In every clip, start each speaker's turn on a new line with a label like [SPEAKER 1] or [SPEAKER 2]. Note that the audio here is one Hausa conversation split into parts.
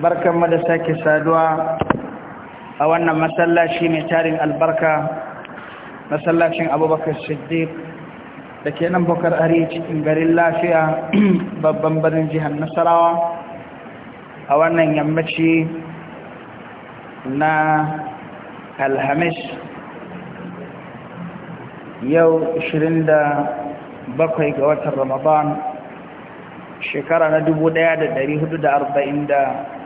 [SPEAKER 1] barkan da sake saduwa a wannan masallaci mai tarin albarka masallacin abubakar siddiq da ke nan bukar ari cikin garin lafiya babban birnin jihar nasarawa a wannan yammaci na alhamis yau 27 ga watan ramadan shekara na 1440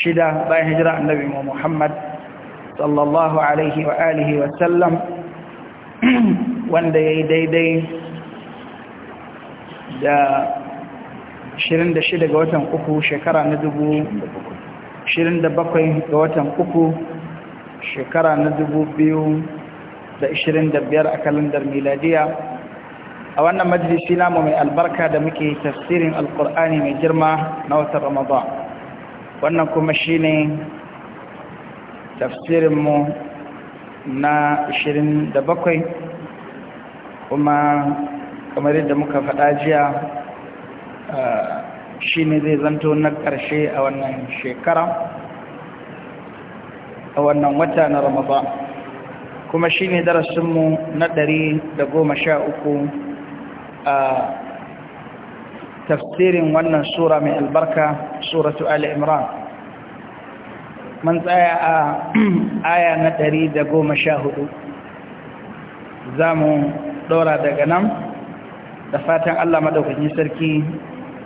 [SPEAKER 1] shida bayan hijira annabi Muhammad sallallahu alaihi wa alihi wa sallam wanda yayi daidai da 26 ga watan uku shekara na dubu 27 ga watan uku shekara na dubu biyu da da biyar a kalandar miladiya a wannan majalisi mu mai albarka da muke tafsirin alkur'ani mai girma na watan ramadan wannan kuma shi shine tafsirinmu na 27 kuma kamar yadda muka faɗa jiya shi ne zai zanto na ƙarshe a wannan shekara a wannan wata na ramaba, kuma shi shine darasinmu na 113 a tafsirin wannan sura mai albarka suratu Ali Imran man tsaya a aya na ɗari da goma sha hudu za mu ɗora daga nan da fatan Allah maɗaukakin sarki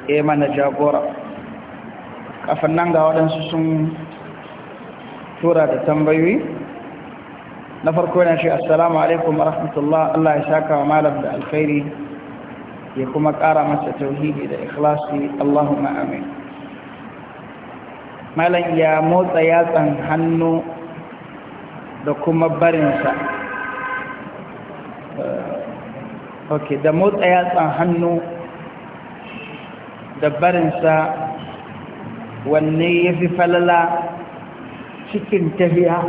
[SPEAKER 1] ya mana jagora kafin nan ga waɗansu sun tura da tambayoyi na farko yana shi assalamu alaikum wa rahmatullah Allah ya saka wa malam da alkhairi ya kuma ƙara masa tauhidi da ikhlasi Allahumma amin malam ya motsa yatsan hannu da kuma barinsa eh, ok da motsa yatsan hannu da barinsa wanne ya fi falala cikin tafiya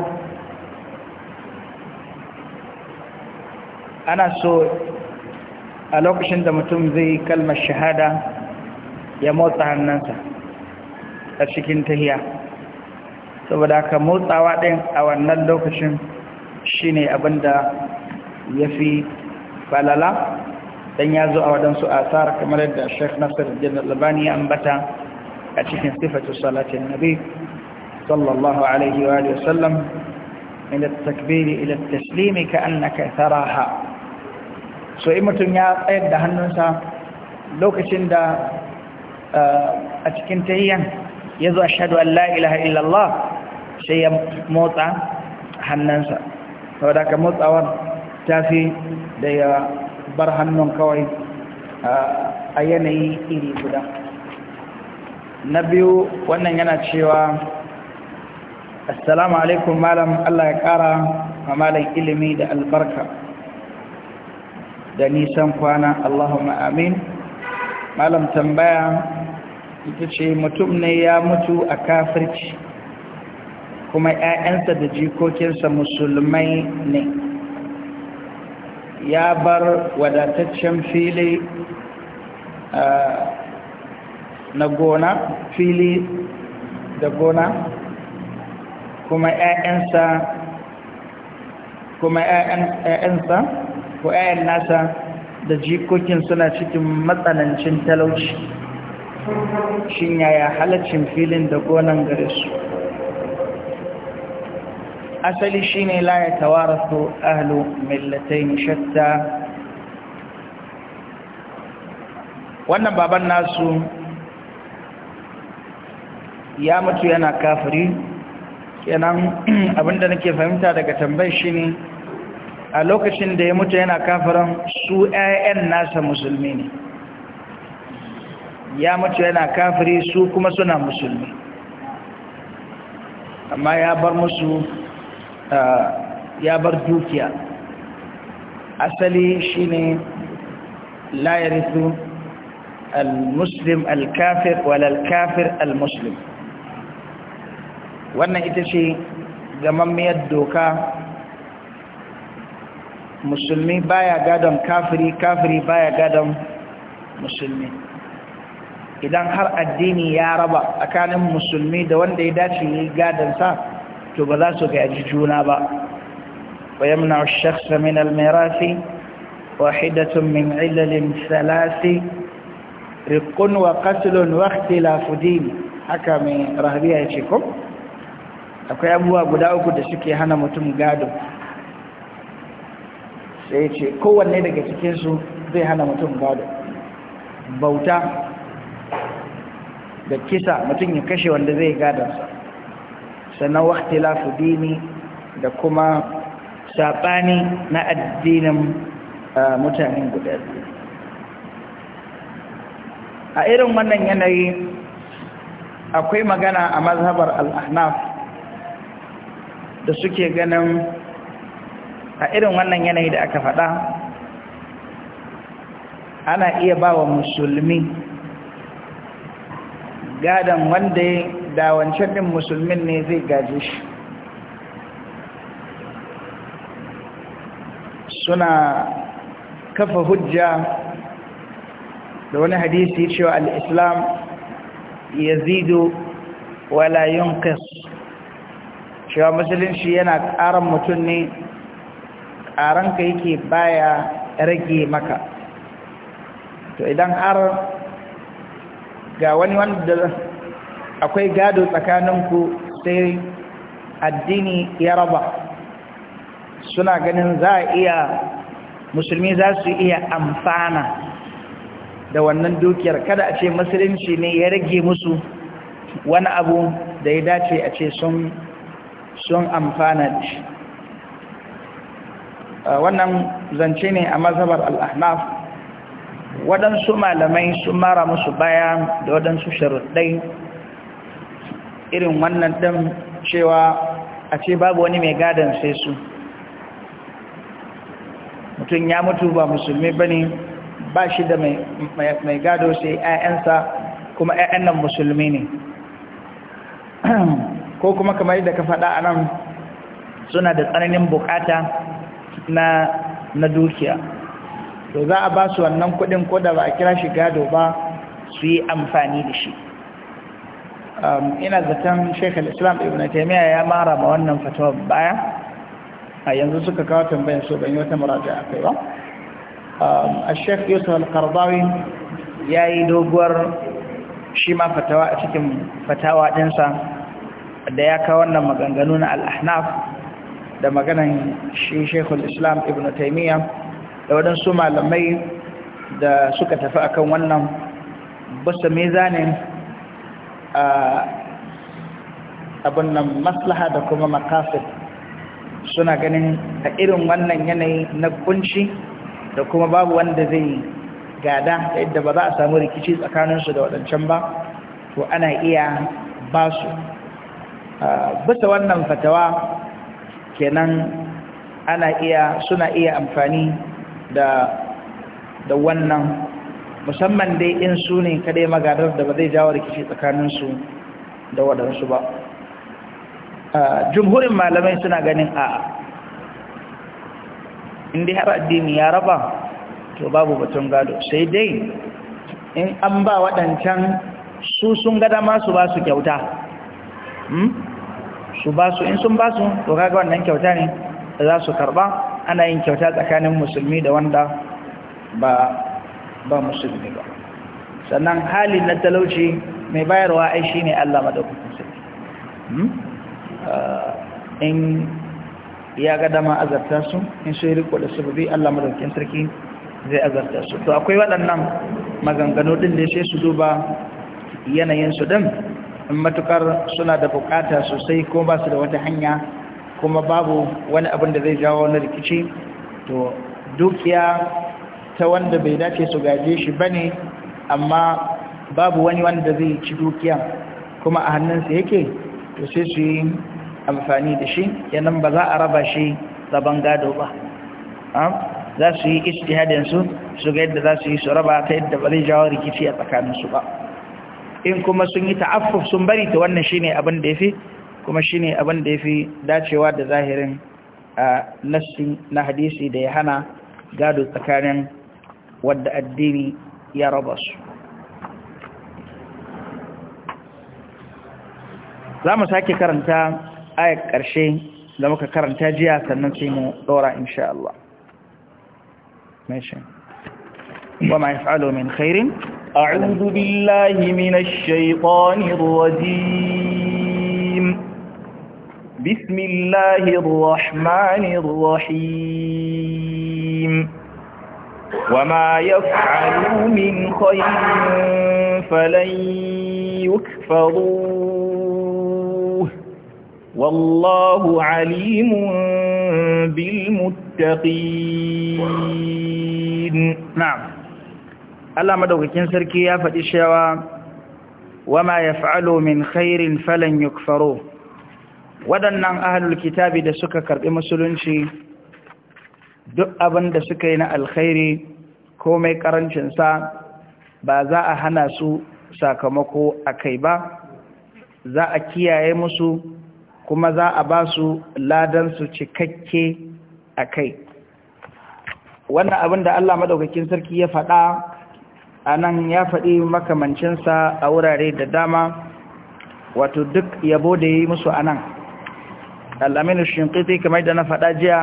[SPEAKER 1] ana so a lokacin da mutum zai kalmar shahada ya motsa hannunsa a cikin tahiya saboda haka motsawa ɗin a wannan lokacin shine abinda ya fi falala dan ya zo a waɗansu asar kamar yadda Sheikh Nasir bin Albani ya ambata a cikin sifatu salatin Nabi sallallahu alaihi wa sallam wasallam min ila taslimi taslim so in mutum ya tsayar da hannunsa lokacin da uh, a cikin tahiyan ya zo ashadu an Allah ilaha illallah sai ya motsa hannunsa sau da ka motsawar tafi da ya bar hannun kawai uh, a yanayi iri guda na biyu wannan yana cewa assalamu alaikum malam allah ya ƙara ma malam ilimi da albarka da nisan kwana Allahumma amin malam tambaya ita ce mutum ne ya mutu a kafirci kuma ‘ya'yansa da jikokinsa musulmai ne ya bar wadataccen fili na gona fili da gona kuma ƴaƴansa kuma ‘ya'yansa ko ‘ya'yan nasa da jikokin suna cikin matsanancin talauci shin yaya halaccin filin da gonan gare su asali shi ne laye tawarasu ahlu millatai nishatta wannan baban nasu ya mutu yana kafiri kenan abinda nake fahimta daga tambayi shi ne a lokacin da ya mutu yana kafiran su ƴaƴan nasa musulmi ne ya mutu yana kafiri su kuma suna musulmi amma ya bar musu ya bar dukiya asali shine la yarithu al-muslim al-kafir wala al-kafir al-muslim wannan ita ce gamammiyar doka musulmi baya gadon kafiri kafiri baya gadon musulmi idan har addini ya raba tsakanin musulmi da wanda ya dace yi gadonsa to ba za su gaji juna ba wa yamna shakhsa min almirasi wahidatun min ilalin salasi rikun wa qatlun wa ikhtilafu haka mai rahabiya ya ce ko akwai abubuwa guda uku da suke hana mutum gado sai ya ce kowanne daga cikinsu zai hana mutum gado bauta da kisa mutum ya kashe wanda zai su, sannan wakti dini da kuma saɓani na addinin mutanen guda a irin wannan yanayi akwai magana a mazhabar al'ahnaf da suke ganin a irin wannan yanayi da aka faɗa ana iya ba wa musulmi gadon wanda ya dawance ɗin musulmin ne zai gaji shi suna kafa hujja da wani hadisi cewa al'islam ya zido wala yunkas cewa musulunci yana ƙaran mutum ne ƙaranka yake baya rage maka to idan har ga wani wanda akwai gado tsakaninku sai addini ya raba suna ganin za a iya musulmi za su iya amfana da wannan dukiyar kada a ce musulunci ne ya rage musu wani abu da ya dace a ce sun amfana da shi Eh, wannan zance ne a mazhabar al-ahnaf waɗansu malamai sun mara musu baya da waɗansu sharuɗai irin wannan ɗin cewa a ce babu wani mai gadon sai su mutum ya mutu ba musulmi ba ne ba shi da mai gado sai 'ya'yansa kuma 'ya'yan nan musulmi ne ko kuma kamar yadda ka faɗa a nan suna da tsananin bukata na na dukiya to za a ba su wannan kuɗin ko da ba a kira shi gado ba su yi amfani da shi um, ina zaton shekul islam ibn taimiyya ya mara ma wannan fatawa baya a yanzu suka kawo tambayin so ban yi wata muraja a kai ba um, a shek yusuf al-karbawi ya yi doguwar shi ma fatawa a cikin fatawa ɗinsa da ya kawo wannan maganganu na al da maganan shi shekul islam ibn taimiyya da waɗansu malamai da suka tafi akan wannan basu mezanin abin nan maslaha da kuma makasir suna ganin a irin wannan yanayi na kunci da kuma babu wanda zai gada da yadda ba za a samu rikici tsakaninsu da waɗancan ba to ana iya basu bisa wannan fatawa kenan ana iya suna iya amfani da da wannan musamman dai in su ne kadai magadar da ba zai jawo rikici tsakaninsu da waɗansu ba jumhurin malamai suna ganin a inda har addini ya raba to babu batun gado sai dai in an ba waɗancan su sun gada masu ba su kyauta hmm? su ba su in sun ba su to kaga wannan kyauta ne da za su karba ana yin kyauta tsakanin musulmi da wanda ba ba musulmi ba sannan hali na talauci mai bayarwa ai shine Allah madaukakin sarki hmm? uh, in ya ga dama azarta su in su riko da sababi Allah madaukakin sarki zai azarta su to akwai waɗannan maganganu din da sai su duba yanayin su din in matukar suna da bukata sosai ko ba su da wata hanya kuma babu wani abin da zai jawo na rikici to dukiya ta wanda bai dace su gaje shi ba ne, amma babu wani wanda zai ci dukiya kuma a hannunsa yake to sai su yi amfani da shi yanan ba za a raba shi zaban gado ba za su yi istihadinsu su ga yadda za su yi su raba ta yadda ba zai jawo rikici a tsakaninsu ba in kuma sun yi ta'affuf sun bari ta wannan shine abin da yafi kuma shine abin da yafi dacewa da zahirin nassi na hadisi da ya hana gado tsakanin wadda addini ya raba su za mu sake karanta ayar ƙarshe da muka karanta jiya sannan sai mu ɗora insha Allah.
[SPEAKER 2] Mashin. Wa ma yi min khairin أعوذ بالله من الشيطان الرجيم بسم الله الرحمن الرحيم وما يفعلوا من خير فلن يكفروه والله عليم بالمتقين نعم Allah madaukakin sarki ya faɗi
[SPEAKER 1] cewa ma yaf'alu min khairin falan yukfaru waɗannan ahlul kitabi da suka karɓi musulunci duk abin da suka yi na alkhairi komai karancin sa ba za a hana su sakamako akai ba za a kiyaye musu kuma za a ba su ladan su cikakke akai wannan abin da Allah madaukakin sarki ya faɗa anan ya faɗi makamancinsa a wurare da dama wato duk yabo da ya yi musu anan al'aminu shinkiti kamar da na faɗa jiya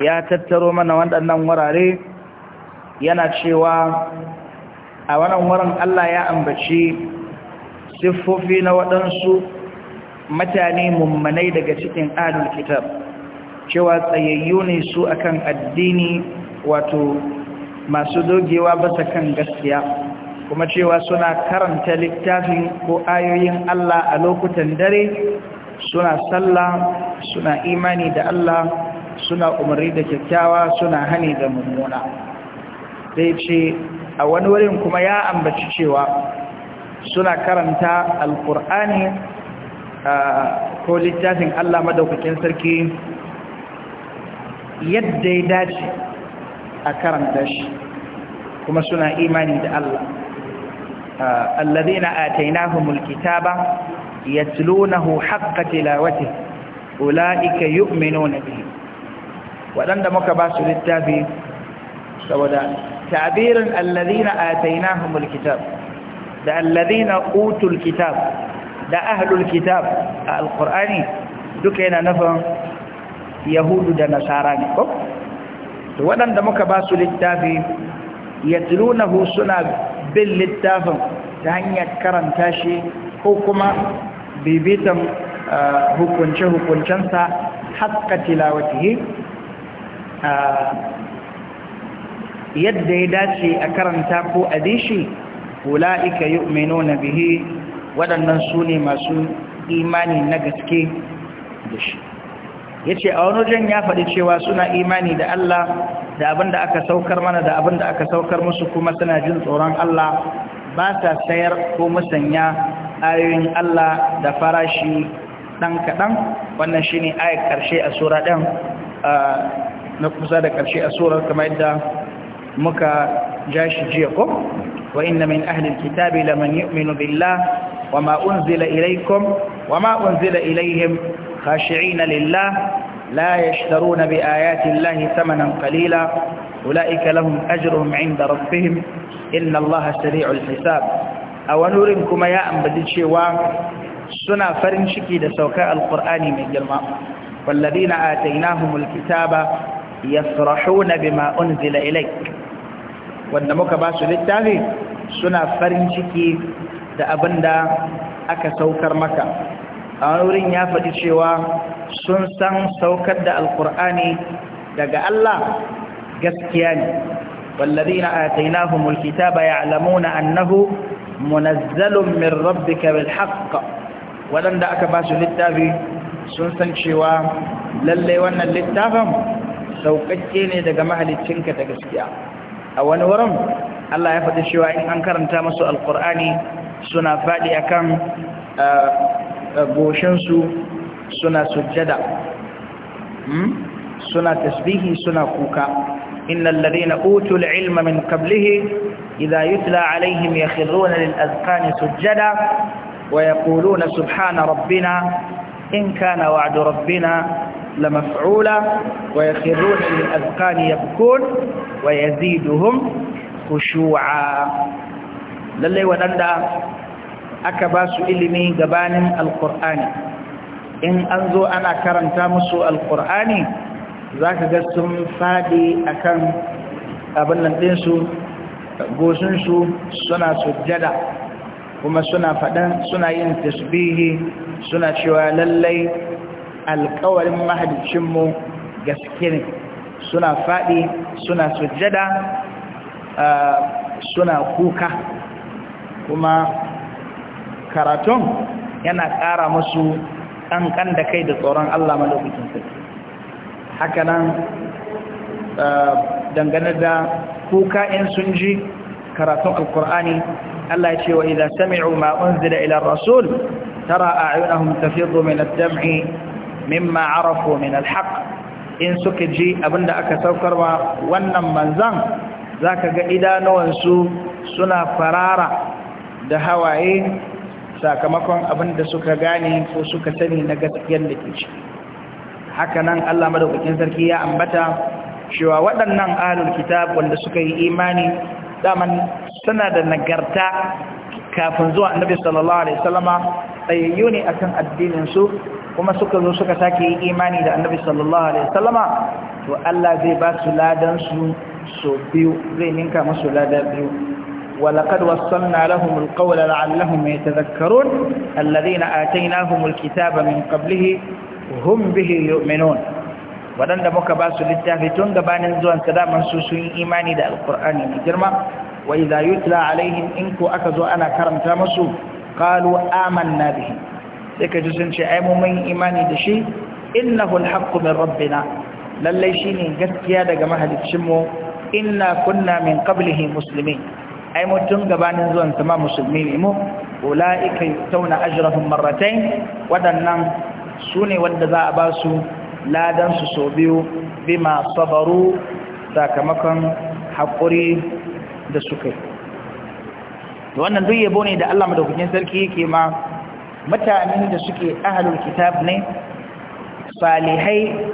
[SPEAKER 1] ya tattaro mana waɗannan wurare yana cewa a wannan wurin Allah ya ambaci siffofi na waɗansu mutane mummanai daga cikin adul cewa tsayayyu ne su akan addini wato masu dogewa basa kan gaskiya kuma cewa suna karanta littafin ko ayoyin Allah a lokutan dare suna sallah suna imani da Allah suna umarni da kyakkyawa suna hani da mummuna sai ce a wani wurin kuma ya ambaci cewa suna karanta alkur'ani ko littafin Allah madaukakin sarki yadda ya dace a karanta shi kuma suna imani da Allah na ya alladhina atainahumul kitaba yatlunahu haqqa yi ulaika na biyu, waɗanda muka ba su littafi saboda ta'birin alladhina atainahumul kitab da alladhina utul kitab da ahlul kitab alqur'ani duka yana nufin yahudu da nasara ne ko to waɗanda muka ba su littafi yatlunahu suna bin littafin ta hanyar karanta shi ko kuma bibitan hukunce-hukuncensa haska tilawatihi yadda ya dace a karanta ko a dishi ula'ika yu'minuna bihi waɗannan su ne masu imani na gaske da shi yace a wani wajen ya faɗi cewa suna imani da Allah da abin da aka saukar mana da abin da aka saukar musu kuma suna jin tsoron Allah ba sa sayar ko musanya ayoyin Allah da farashi ɗan kaɗan wannan shi ne ayar ƙarshe a sura ɗin na kusa da ƙarshe a surar kamar yadda muka ja shi jiya ko wa inna min ahlil kitabi laman yu'minu billah wa ma unzila ilaykum wa ma unzila ilayhim خاشعين لله لا يشترون بآيات الله ثمنا قليلا أولئك لهم أجرهم عند ربهم إن الله سريع الحساب أو نورنكم يا أمبد شيوا سنا فرنشكي دسوكاء القرآن من جرما والذين آتيناهم الكتاب يفرحون بما أنزل إليك والنموك باسو للتالي سنا فرنشكي شكي دا أبندا مكا a wurin ya faɗi cewa sun san saukar da alkur'ani daga Allah gaskiya ne wallazina atainahumul kitaba na annahu munazzalun min rabbika bil haqq wadanda aka ba su littafi sun san cewa lalle wannan littafin saukakke ne daga mahalicinka da gaskiya a wani wurin Allah ya faɗi cewa in an karanta masu alkur'ani suna faɗi akan eh, goshinsu suna sujjada suna tasbihi suna kuka innal ladina utul ilma min qablihi idha yutla alaihim yakhruna lil azqani sujjada wa yaquluna subhana rabbina in kana wa'du rabbina لمفعولا ويخرون للأذقان يبكون ويزيدهم خشوعا للي ودندا aka ba su ilimi gabanin alkur'ani in an zo ana karanta musu alkur'ani za ka ga sun faɗi a kan abin ɗinsu goshinsu suna sujjada kuma suna faɗan suna yin tasbihi suna cewa lallai alkawarin mahalicinmu gaske ne suna faɗi suna sujjada ah, suna kuka kuma karatun yana ƙara musu ƙanƙan da kai da tsoron Allah malaukakin sarki hakanan eh, dangane da kuka in sun ji karatun alkur'ani Allah ya ce wa idan sami'u ma unzila ila rasul tara a tafidhu min ad-dam'i mimma arafu min al in suka ji abinda aka saukarwa wannan manzan zaka ga idanuwansu suna farara da hawaye sakamakon abin da suka gane ko suka sani na gaskiyar da ke ciki hakanan Allah madaukakin sarki ya ambata cewa waɗannan ahlul kitab wanda suka yi imani daman suna da nagarta kafin zuwa annabi sallallahu alaihi wasallama tsayayyu ne akan addinin su kuma suka zo suka sake yi imani da annabi sallallahu alaihi wasallama to Allah zai ba su ladan su so biyu zai ninka musu ladan biyu ولقد وصلنا لهم القول لعلهم يتذكرون الذين آتيناهم الكتاب من قبله هم به يؤمنون waɗanda muka basu littafi tun gabanin zuwan sadaman su sun yi imani da alkur'ani mai girma wa idza yutla alaihim in ko aka zo ana karanta masu qalu amanna bihi sai ka ji sun ce ai mu mun imani da shi innahu alhaqqu min rabbina lalle shine gaskiya daga mahaliccin mu inna kunna min qablihi muslimin ai mutum gabanin zuwan sama musulmi ne mu ulaika yutawna ajrahum marratayn wadannan sune wanda za a ba su ladan su so biyu bima sabaru sakamakon hakuri da suka yi wannan duk yabo ne da Allah madaukakin sarki yake ma mutanen da suke ahlul kitab ne salihai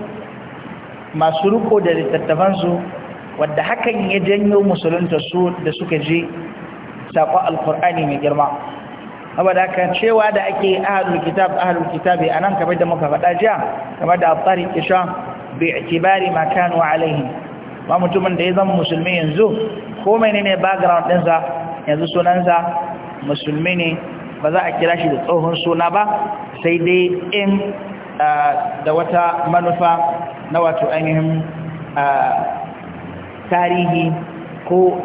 [SPEAKER 1] masu riko da littattafansu wadda hakan ya janyo musulunta su da suka je saƙo alkur'ani mai girma da haka cewa da ake ahlul kitab ahlul kitabi anan kamar da muka faɗa jiya kamar da abtari kisha bi itibari ma alaihi ba mutumin da ya zama musulmi yanzu ko menene background ɗinsa yanzu sunansa musulmi ne ba za a kira shi da tsohon suna ba sai dai in ah, da wata manufa na wato ainihin ah, tarihi ko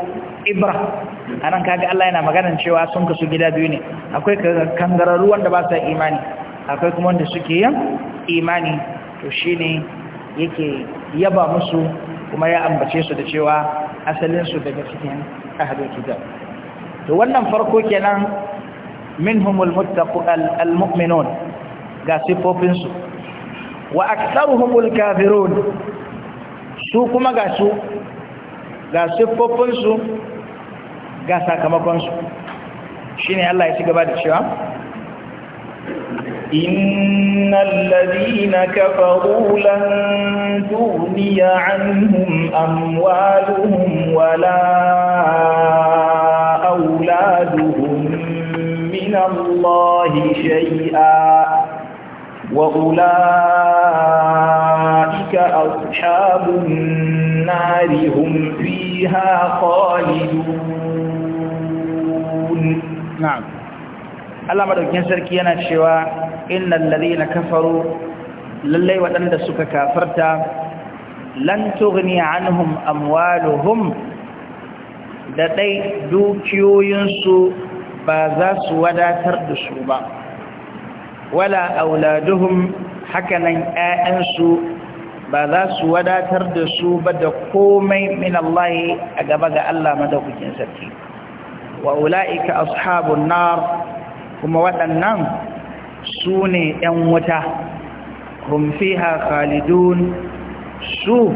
[SPEAKER 1] ibra a nan kaga Allah yana maganan cewa sun kasu gida biyu ne akwai kangararru wanda ba sa imani akwai kuma wanda suke yin imani to shi ne yake yaba musu kuma ya ambace su da cewa asalinsu daga cikin ahadul kitab to wannan farko kenan minhumul muttaqal almu'minun ga sifofin su wa aktharuhumul kafirun su kuma ga su ga siffofinsu ga sakamakonsu
[SPEAKER 2] shi ne Allah ya cigaba da cewa Inna alladhina kafaru lan tughniya anhum amwaluhum wala auladuhum min Allah shay'a wa ulaa أولئك أصحاب النار هم فيها خالدون
[SPEAKER 1] نعم Allah sarki yana cewa innal ladina kafaru lalle wadanda suka kafarta lan tughni anhum amwaluhum da dai dukiyoyin su ba za su wadatar da su ba wala auladuhum hakanan ayyansu ba za su wadatar da su ba da komai min Allah a gaba ga Allah madaukakin sarki wa ula'ika ashabun nar kuma waɗannan su ne ‘yan wuta hum fiha khalidun su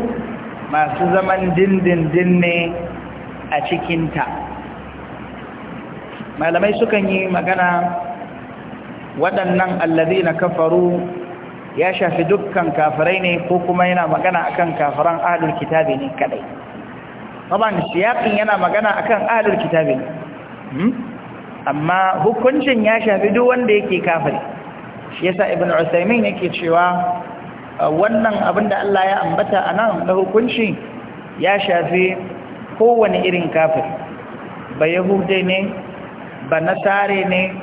[SPEAKER 1] masu zaman dindindin ne a cikinta malamai sukan yi magana waɗannan allazi na kafaru ya shafi dukkan kafirai ne ko kuma yana magana akan kafiran ahlul kitabi ne kadai taban siyakin yana magana akan ahlul kitabi ne hmm? amma hukuncin ya shafi duk wanda yake kafiri shi yasa ibn usaymin yake cewa wannan abin da Allah ya ambata anan na hukunci ya shafi kowane irin kafiri ba yahude ne ba nasare ne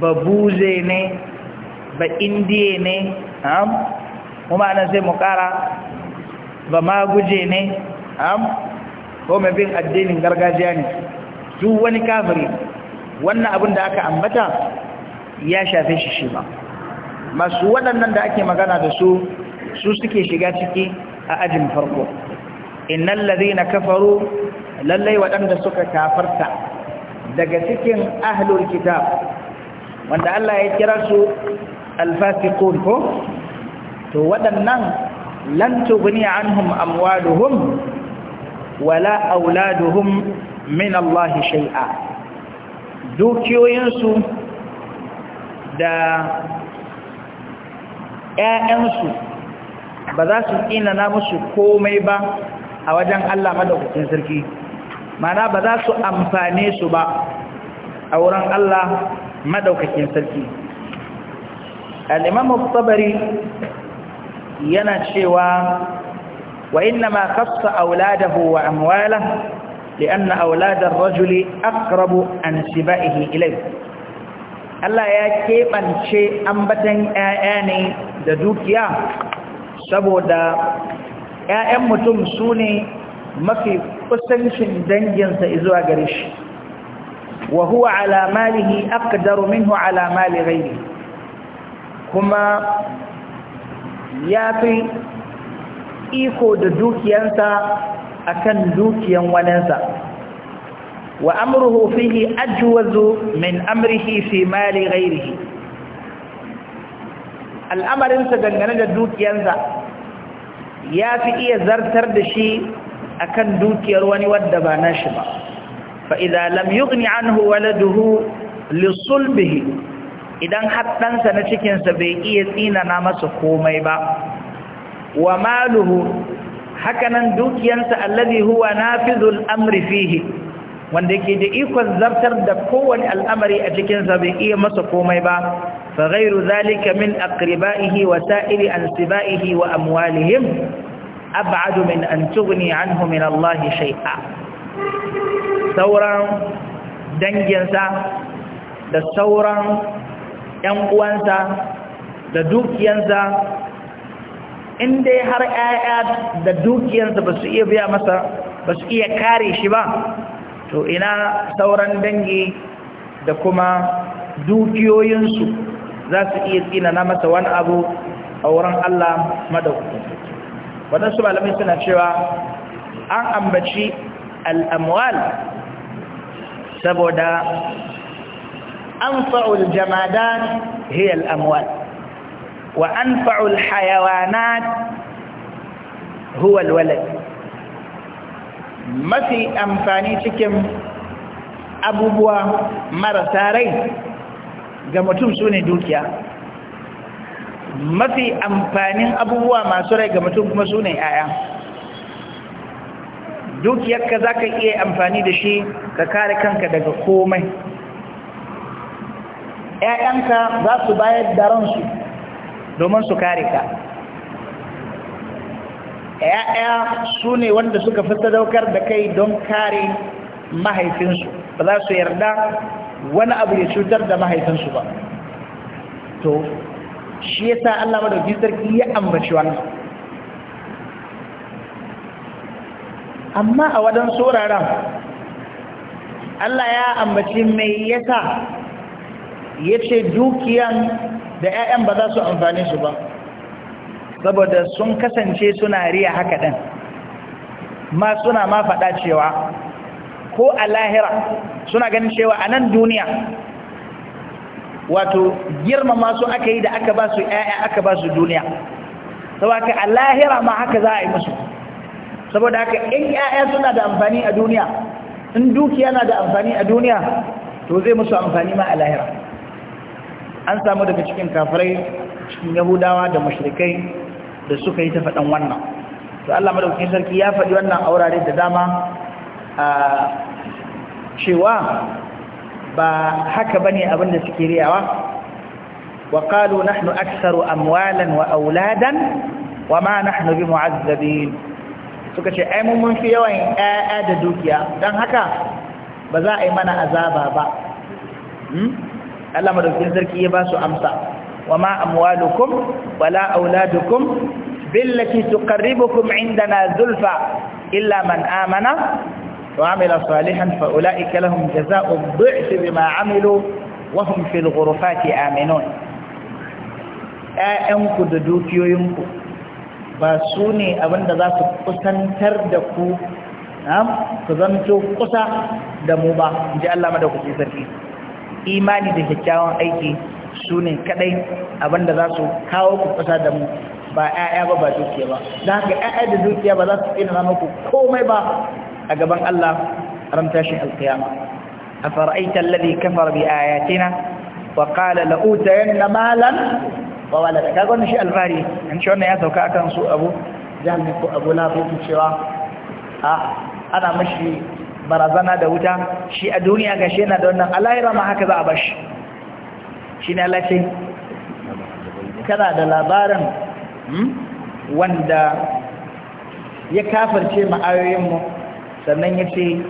[SPEAKER 1] ba buze ne ba indiye ne kuma nan sai mu kara ba maguje ne ko mai bin addinin gargajiya ne duk wani kafiri wannan abin da aka ambata ya shafe shi shi ba masu waɗannan da ake magana da su su suke shiga ciki a ajin farko innan na kafaru lallai waɗanda suka kafarta daga cikin ahlul kitab wanda Allah ya kira su alfasiqun ko to waɗannan lan tughni anhum amwaluhum wala auladuhum min Allah shay'a dukiyoyinsu da 'ya'yansu ba za su na musu komai ba a wajen Allah madaukakin sarki mana ba za su amfane su ba a wurin Allah maɗaukakin sarki al'imamu tsabari yana cewa wa inna ma kasta auladahu wa amwala لأن أولاد الرجل أقرب عن سبائه إليه Allah ya keɓance ambatan ‘ya'ya ne da dukiya saboda ‘ya'yan mutum su ne mafi kusancin danginsa zuwa gare shi, wa huwa alamalihi aqdaru minhu alamali ghairi kuma ya fi iko da dukiyansa kan dukiyan waninsa wa amruhu fihi ajwazu min amrihi fi mali ghairihi al'amarinsa dangane da dukiyansa ya fi iya zartar da shi akan dukiyar wani wadda ba nashi ba fa idza lam yughni anhu waladuhu li sulbihi idan haddansa na cikinsa bai iya tsinana masa komai ba wa maluhu hakanan dukiyansa allazi huwa nafizul amri fihi wanda yake da ikon zartar da kowane al'amari a cikinsa bai iya masa komai ba fa ghairu zalika min aqribaihi wa sa'iri ansibaihi wa amwalihim ab'adu min an tughni anhu min Allah shay'a sauran danginsa da sauran ‘yan uwansa da dukiyansa in dai har ‘ya'ya da dukiyansa ba su iya biya masa ba su iya kare shi ba to ina sauran dangi da kuma dukiyoyinsu za su iya tsina na masa wani abu a wurin Allah madaukakin waɗansu malamai suna cewa an ambaci al'amwal saboda أنفع الجمادات هي الأموال وأنفع الحيوانات هو الولد ما في أنفاني تكم أبو بوا مرة ساري سوني دوكيا ما في أنفاني أبو بوا ما سوري جمتم مسوني آية دوكيا كذاك إيه أمفاني دشي ككاركا كدك قومي ‘ya'yanka za su bayar da ransu domin su kare ka ‘ya'ya su ne wanda suka fi sadaukar da kai don kare mahaifinsu ba za su yarda wani abu ya cutar da mahaifinsu ba to shi ya sa Allah madauki sarki ya ambaci wannan amma a wadansu wuraren Allah ya ambaci mai yasa ya ce dukiyan da 'ya'yan ba za su amfani su ba saboda sun kasance suna riya haka ɗin ma suna ma faɗa cewa ko a lahira suna ganin cewa a nan duniya wato girma masu aka yi da aka ba su 'ya'ya aka ba su duniya saboda a lahira ma haka za a yi musu saboda haka in 'ya'ya suna da amfani a duniya in dukiya na da amfani a duniya to zai musu amfani ma a lahira an samu daga cikin kafirai cikin yahudawa da mashirikai da suka yi ta faɗan wannan to Allah madaukakin sarki ya faɗi wannan a wurare da dama a cewa ba haka abinda abin da suke riyawa wa qalu nahnu aksaru amwalan wa auladan wa ma nahnu bimu'azzabin suka ce ai mun fi yawan ƴaƴa da dukiya dan haka ba za a yi mana azaba ba hmm? Allah madaukakin sarki ya ba su amsa wa ma amwalukum wala auladukum billati tuqarribukum indana zulfa illa man amana wa amila salihan fa ulaika lahum jazaa'u dhi'fi bima amilu wa hum fil ghurfati aminun ƴaƴanku da dukiyoyinku ba su ne abinda za su kusantar da ku ku zanto kusa da mu ba in ji Allah madaukakin sarki imani da kyakkyawan aiki su ne kadai abinda za su kawo ku kusa da mu ba 'ya'ya ba ba dukiya ba da haka 'ya'ya da dukiya ba za su tsina na muku komai ba a gaban Allah ran tashin alkiyama afara'aita alladhi kafara bi ayatina wa qala la utayanna malan wa walada ga wannan shi alfari in shi wannan ya sauka akan su abu ko abu na lafi cewa a ah, ana mashi barazana da wuta shi a duniya ga shi yana da wannan alahira ma haka za a bashi shi ne alace kana da labarin hmm, wanda ya kafarce ma'ayoyinmu sannan ya ce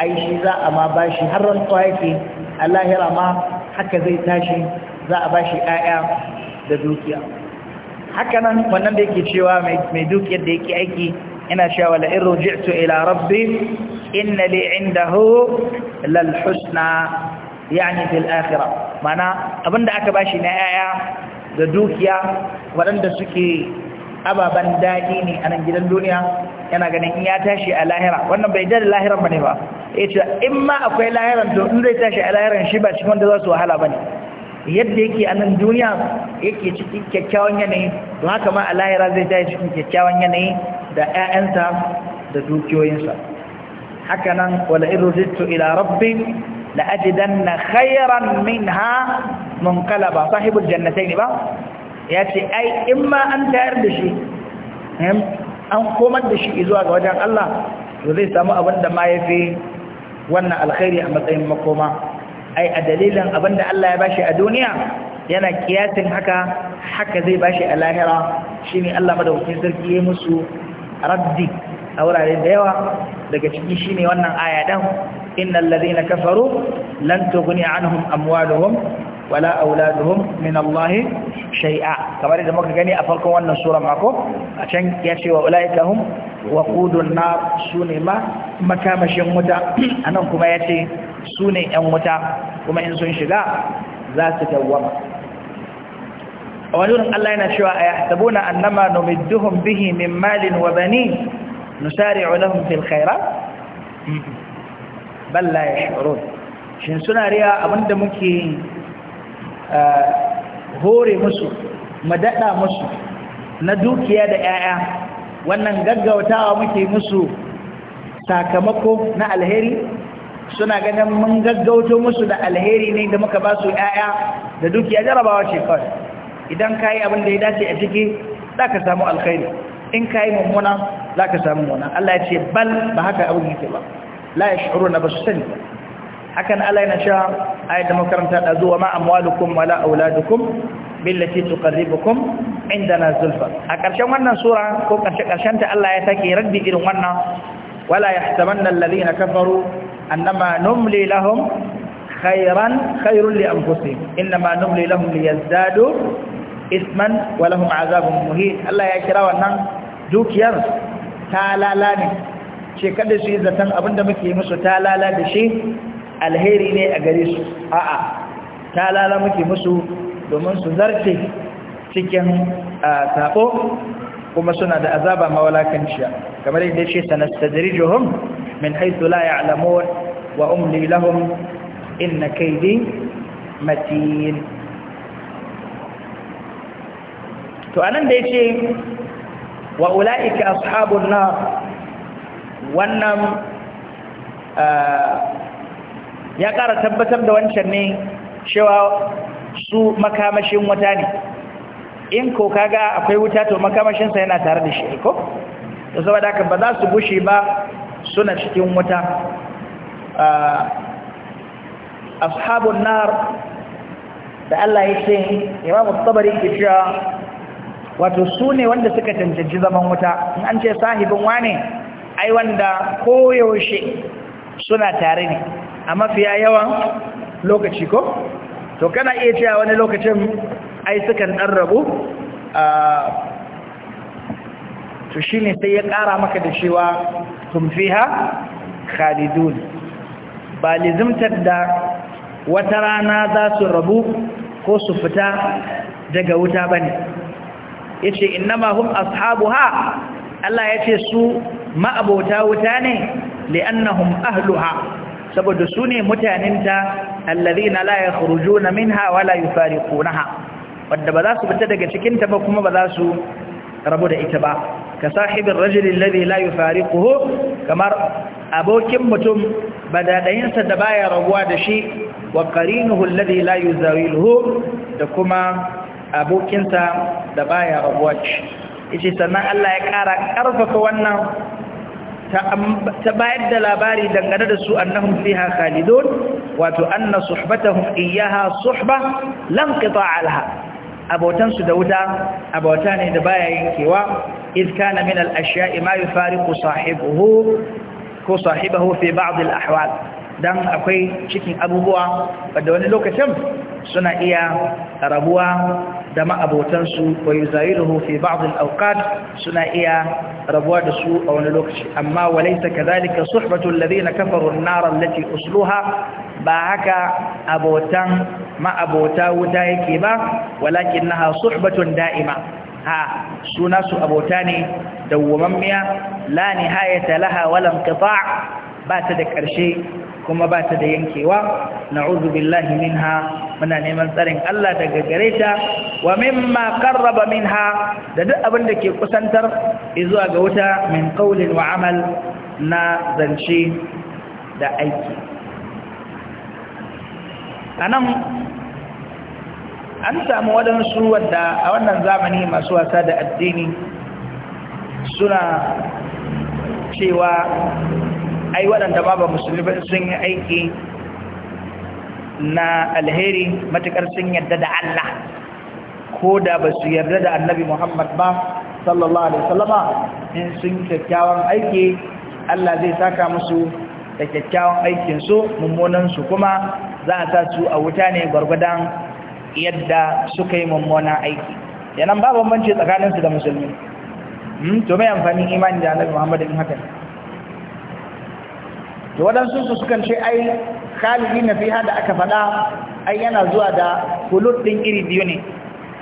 [SPEAKER 1] ai shi za a ma bashi har rantsuwa yake alahira ma haka zai tashi za a bashi 'ya'ya da dukiya hakanan wannan da yake cewa mai dukiyar da yake aiki ina cewa la in ruji'tu ila rabbi inna li indahu lal husna yani fil akhirah mana abinda aka bashi na yaya da dukiya waɗanda suke ababen daɗi ne a nan gidan duniya yana ganin in ya tashi a lahira wannan bai da lahiran ba ne ba ya in ma akwai lahiran to in zai tashi a lahiran shi ba cikin wanda za su wahala ba ne yadda yake a nan duniya yake cikin kyakkyawan yanayi to haka ma a lahira zai tashi cikin kyakkyawan yanayi da ƴaƴanta da dukiyoyinsa hakanan wala irjitu ila rabbi la ajidanna khayran minha munqalaba sahibul jannatayn ba yace ai ma an tayar da shi an komar da shi zuwa ga wajen Allah to zai samu abinda ma fi wannan alkhairi a matsayin makoma ai a dalilin abinda Allah ya bashi a duniya yana ƙiyatin haka haka zai bashi a lahira shine Allah madaukakin sarki ya musu raddi a wurare da yawa daga ciki shine wannan aya dan innal ladhina kafaru lan tughni anhum amwaluhum wala auladuhum min minallahi shai'a, kamar da muka gani a farkon wannan sura mako a can ya ce wa ulaika hum waqudun nar sune ma makamashin wuta nan kuma ya ce sune yan wuta kuma in sun shiga za su dawwama a wani wurin Allah yana cewa a yahsabuna annama numidduhum bihi min malin wa bani nusari'u lahum fil khairat bal la yash'urun shin suna riya abinda muke uh, hore musu madada musu na dukiya da 'ya'ya wannan gaggautawa muke musu sakamako na alheri suna ganin mun gaggauto musu da alheri ne da muka ba su 'ya'ya da dukiya jarabawa ce kawai idan ka yi abin da ya dace a ciki za ka samu alkhairi in ka yi mummuna za ka samu mummuna Allah ya ce bal ba haka abin yake ba la ya shuru na ba su sani ba hakan Allah yana cewa ayat da makaranta da zuwa ma amwalukum wala auladukum billati tuqarribukum indana zulfa a ƙarshen wannan sura ko ƙarshe ƙarshen ta Allah ya sake raddi irin wannan wala yahtamanna alladhina kafaru annama numli lahum khairan khairul li anfusihim inma numli lahum liyazdadu isman walahum azabun muhin Allah ya kira wannan dukiyar ta ne ce kada su yi zaton abinda muke musu ta talala da shi alheri ne a gare su a'a lala muke musu domin su zarce cikin tabo kuma suna da azaba mawalakanciya kamar yadda ce sanastadrijuhum min haythu la ya'lamun wa umli lahum inna kaydi matin to anan da yace wa ulaika ashabun na wannan ya kara tabbatar da wancan ne cewa su makamashin wuta ne in ko kaga akwai wuta to makamashinsa yana tare da shi ko To saboda haka ba za su bushe ba suna cikin wuta ashabun nar da Allah ya ce imam tabari ke cewa wato su ne wanda suka cancanci zaman wuta in an ce sahibin wane ai wanda koyaushe suna tare ne a mafiya yawan lokaci ko to kana iya cewa wani lokacin ai sukan ɗan rabu to shi ne sai ya kara maka da cewa tumfiha khalidun ba lizimtar da wata rana za su rabu ko su fita daga wuta ba ne yace innama ashabu ha? Allah ya ce su ma'abota wuta ne li'annahum ahluha saboda su ne mutanenta allazina la yakhrujuna minha wala yufariqunaha wadda ba za su fita daga cikin ta ba kuma ba za su rabu da ita ba ka sahibin rajul alladhi la yufariquhu kamar abokin mutum badadayinsa da baya rabuwa da shi wa qarinuhu alladhi la yuzawiluhu da kuma abokinsa da baya rabuwa ce yace sannan
[SPEAKER 2] Allah ya ƙara ƙarfafa wannan
[SPEAKER 1] ta bayar da labari dangane da su annahum fiha khalidun wato anna suhbatahum iyyaha suhba lam qita'a laha abotan su da wuta abota ne da baya yankewa iz kana min al-ashya'i ma yufariqu sahibuhu ko sahibahu fi ba'd al-ahwal dan akwai cikin abubuwa wanda wani lokacin suna iya rabuwa da ma'abotansu wa yi zairuhu fi ba'adun auqat suna iya rabuwa da su a wani lokaci amma walaita kazalika suhbatul ladina kafaru an-nar allati usluha ba haka abotan ma'abota wuta yake ba walakinnaha suhbatun da'ima ha suna su abota ne dawwamammiya la nihayata laha wala inqita' ba ta da ƙarshe kuma ba ta da yankewa na'udhu billahi minha muna neman tsarin Allah daga gare ta wa mimma qarraba minha da duk abin da ke kusantar zuwa ga wuta min qawlin wa amal na zance da aiki anan an samu waɗansu wadda a wannan zamani masu wasa da addini suna cewa ai waɗanda ba ba musulmi ba sun yi aiki na alheri matuƙar sun yarda da Allah ko da ba su yarda da annabi Muhammad ba sallallahu alaihi wasallama in sun kyakkyawan aiki Allah zai saka musu da kyakkyawan aikin su mummunan su kuma za a sa su a wuta ne gwargwadon yadda suka yi mummunan aiki yanan ba bambanci tsakaninsu da musulmi hmm, to mai amfani imani da annabi Muhammad in haka to waɗansu su sukan ce ai khalidi na fi da aka faɗa ai yana zuwa da hulud ɗin iri biyu ne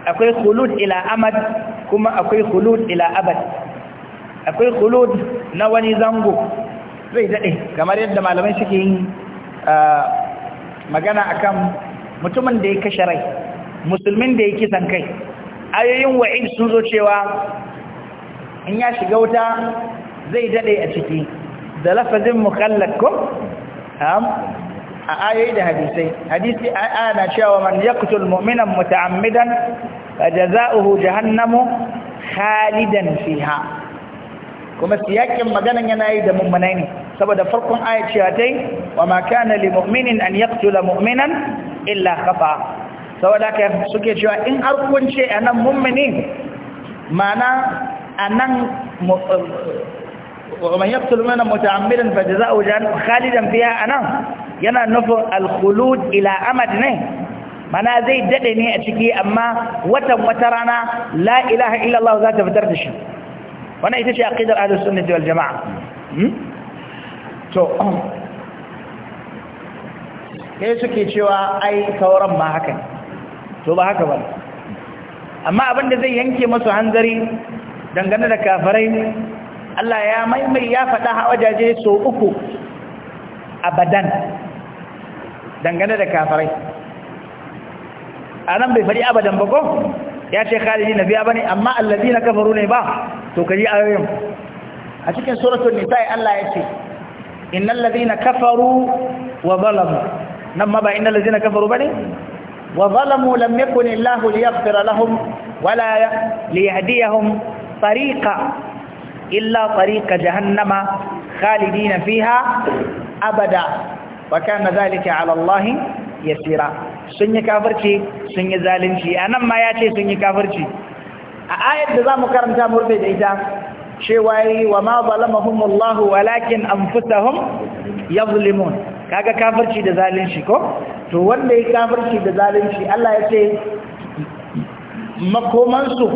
[SPEAKER 1] akwai hulud ila amad kuma akwai hulud ila abad akwai hulud na wani zango zai daɗe kamar yadda malamai suke yin magana akan mutumin da ya kashe rai musulmin da ya kisan kai ayoyin wa'id sun zo cewa in ya shiga wuta zai daɗe a ciki da lafazin mukallaf ko a ayoyi da hadisai hadisi ana cewa man yaqtul mu'minan muta'ammidan fajaza'uhu jahannamu khalidan fiha kuma siyakin maganan yana yi da mummunai ne saboda farkon ayat cewa tai wa ma kana lil mu'minin an yaqtula mu'minan illa khata saboda kai suke cewa in har kun ce anan mu'mini mana anan ومن يقتل منا متعمدا فجزاؤه جهنم خالدا فيها انا yana nufin alkhulud ila amad ne mana zai dade ne a ciki amma watan wata rana la ilaha illallah za ta fitar da shi wannan ita ce aqidar jamaa to kai suke cewa ai sauran ma haka to ba haka ba amma abin da zai yanke musu hanzari dangane da kafirai Allah ya maimai ya faɗa a wajaje so uku abadan dangane da kafarai. a nan bai faɗi abadan ba ko ya ce khalidi na biya ba ne amma allazi na kafaru ne ba to kaji ayoyin a cikin suratul nisa'i Allah ya ce innal na kafaru wa zalamu nan ma ba innal na kafaru bane wa zalamu lam yakun illahu liyaghfira lahum wala liyahdiyahum tariqa illa tariqa jahannama khalidina fiha abada wa kana zalika ala Allah yasira sun yi kafirci sun yi zalunci anan ma yace sun yi kafirci a ayar da zamu karanta mu rufe da ita cewa yi wa ma zalamahumullahu walakin anfusahum yazlimun kaga kafirci da zalunci ko to wanda ya kafirci da zalunci Allah ya ce makomansu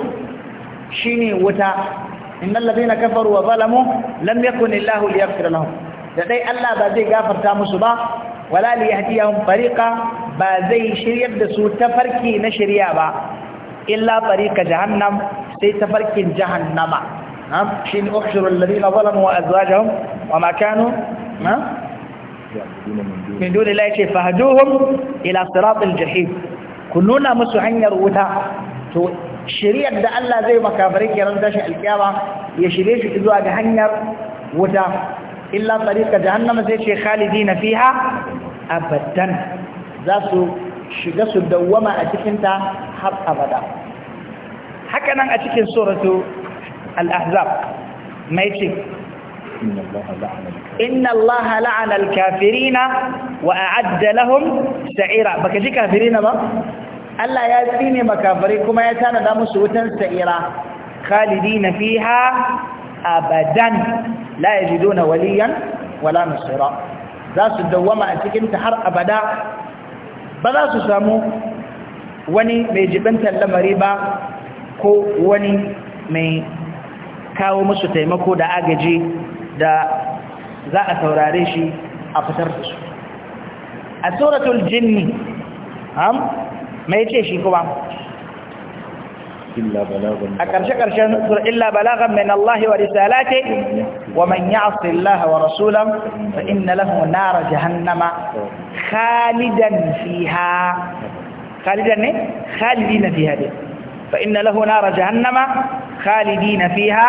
[SPEAKER 1] shine wuta innal ladina kafaru wa zalamu lam yakun illahu liyaghfir lahum da dai Allah ba zai gafarta musu ba wala liyahdiyahum fariqa ba zai shiryar da su tafarki na shari'a ba illa fariqa jahannam sai tafarkin jahannama shin ukhshiru alladhina zalamu wa azwajuhum wa ma kanu min duni la yace fahduhum ila siratil jahim kununa musu hanyar wuta to shari'ar da Allah zai makabarai kiran tashi alkiyama ya shirye shi zuwa ga hanyar wuta illa tariqa jahannama sai ce khalidina fiha abadan za su shiga su dawwama a cikinta har abada haka nan a cikin suratu al-ahzab mai ce inna Allah la'ana alkafirina kafirina wa a'adda lahum sa'ira baka ji kafirina ba Allah ya tsine makafari kuma ya tanada musu wutan sa'ira fi ha abadan la na waliyan wala nusira za su dawwama a cikinta har abada ba za su samu wani mai jibintar lamari ba ko wani mai kawo musu taimako da agaji da za a saurare shi a fitar da su a suratul jinni mai ce shi kuma a ƙarshe-ƙarshen sur illa balagan min Allah wa risalate wa man ya'si Allah wa rasulan fa inna lahu nara jahannama khalidan fiha khalidan ne khalidina fiha dai fa inna lahu nara jahannama khalidina fiha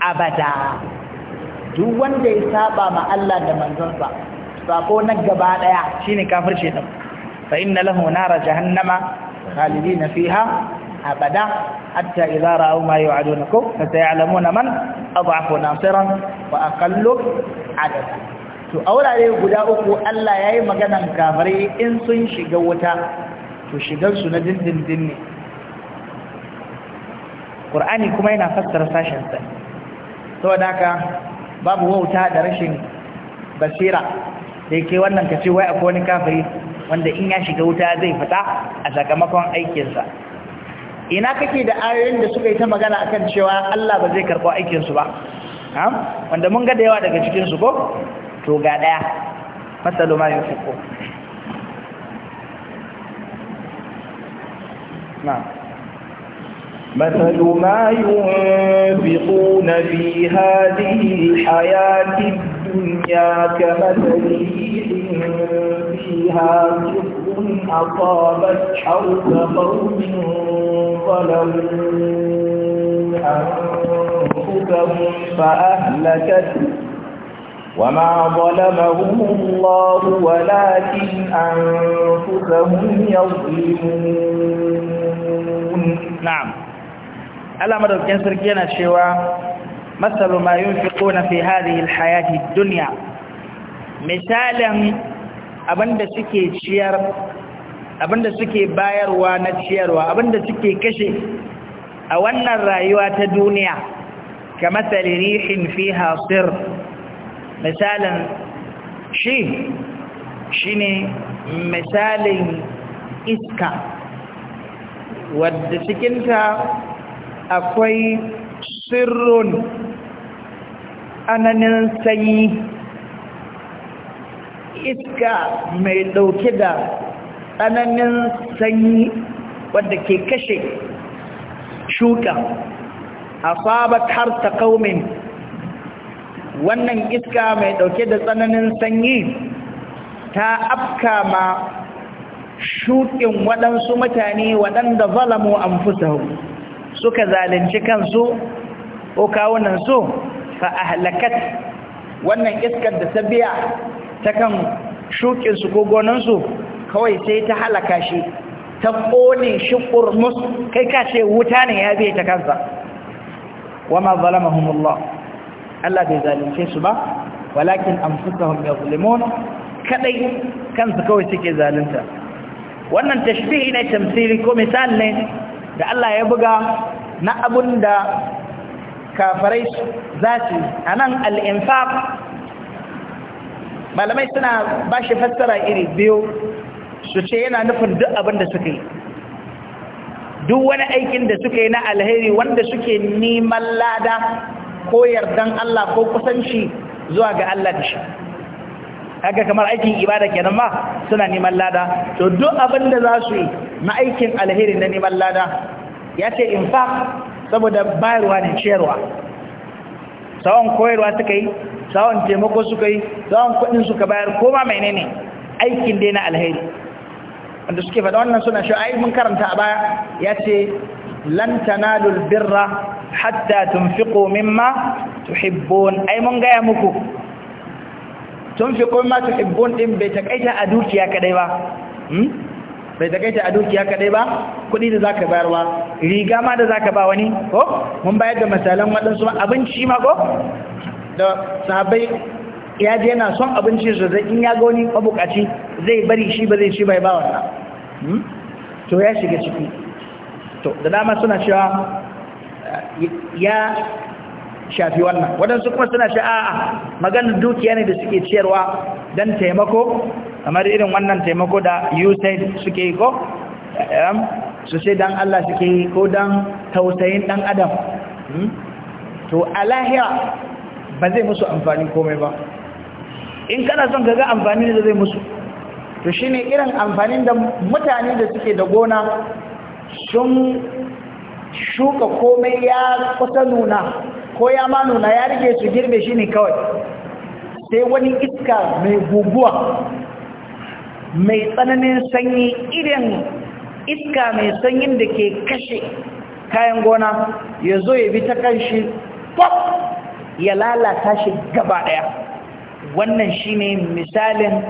[SPEAKER 1] abada duk wanda ya saba ma Allah da manzonsa sako na gaba daya shine kafirce din fa na lahu nara jahannama khalidina fiha abada hatta idza ra'aw ma yu'adunakum fa sayalamuna man adhafu nasiran wa to aurare guda uku Allah yayi maganan kafirai in sun shiga wuta to shigar su na dindindin ne Qur'ani kuma yana fassara sashen sa saboda haka babu wauta da rashin basira da yake wannan kace wai akwai wani wanda in ya shiga wuta zai fita a sakamakon aikinsa ina kake da ayoyin da suka yi ta magana akan cewa Allah ba zai karɓo aikinsu ba wanda mun ga da yawa daga cikinsu ko to ga ɗaya matsalo ma yin fuko
[SPEAKER 2] مثل ما ينفقون في هذه الحياة الدنيا كمثل فيها سر أصابت حرث قوم ظلموا أنفسهم فأهلكت وما ظلمهم الله ولكن أنفسهم يظلمون نعم
[SPEAKER 1] ألا مدركين سركينا شواء مثل ما ينفقون في هذه الحياة الدنيا مثالا abinda suke ciyar abinda suke bayarwa na ciyarwa abinda suke kashe a wannan rayuwa ta duniya kamar rihin fiha sir misalin shi shine misalin iska wadda cikinta akwai sirrun ananin sanyi iska mai ɗauke da tsananin sanyi wadda ke kashe shuka asabat har ta kaumin wannan iska mai ɗauke da tsananin sanyi ta afka ma shukin waɗansu mutane waɗanda zalamu an suka zalunci kansu ko kawunan so fa ahlakat wannan iskar da ta biya ta kan shukinsu ko gonansu kawai sai ta halaka shi ta ƙone shi ƙurmus kai ka ce wuta ne ya biya ta kansa wama zalamahumullah Allah bai zalunce su ba walakin anfusahum yazlimun kadai kansu kawai suke zalunta wannan tashbihi ne tamsili ko misal ne da Allah ya buga na abun da Kafarai za su a nan al’infaf malamai suna ba shi fassara iri biyu su ce yana nufin duk abin da suka yi duk wani aikin da suka yi na alheri wanda suke neman lada ko yardan Allah ko kusanci zuwa ga Allah da shi haka kamar aikin ibada kenan ma suna neman lada to duk abin da za su yi na aikin alheri na neman lada ya ce infaq saboda bayarwa ne ciyarwa sawon koyarwa suka yi tsawon taimako suka yi sawon kudin suka bayar ko mai nene, aikin dai na alheri wanda suke faɗa wannan suna shi ai mun karanta a baya ya ce lan birra hatta ma mimma hibbon ai mun gaya muku tun fi komin ma tu hibbon din bai takaita a dukiya kadai ba hmm? bai takaita a dukiya kadai ba kuɗi da zaka bayarwa riga ma da zaka ba wani ko mun bayar da misalan waɗansu abinci ma ko da sahabbai ya je yana son abinci zai in ya ga wani mabukaci zai bari shi ba zai shi bai ba wannan hmm? to ya shiga ciki to da dama suna cewa ya shafi wannan waɗansu kuma suna a maganin dukiya ne da suke ciyarwa don taimako kamar irin wannan taimako da usaid suke yi ko ehm, su sai don Allah suke yi ko don tausayin ɗan adam hmm? to a lahira ba zai musu amfani komai ba in kana son ka ga amfani da zai musu to shi ne irin amfanin da mutane da suke da gona sun shuka komai ya kusa nuna ko ya ma nuna ya rige su girbe shi ne kawai sai wani iska mai guguwa mai tsananin sanyi irin iska mai sanyin da ke kashe kayan gona ya zo ya bi ta kan shi pop ya lalata shi gaba ɗaya wannan shi ne misalin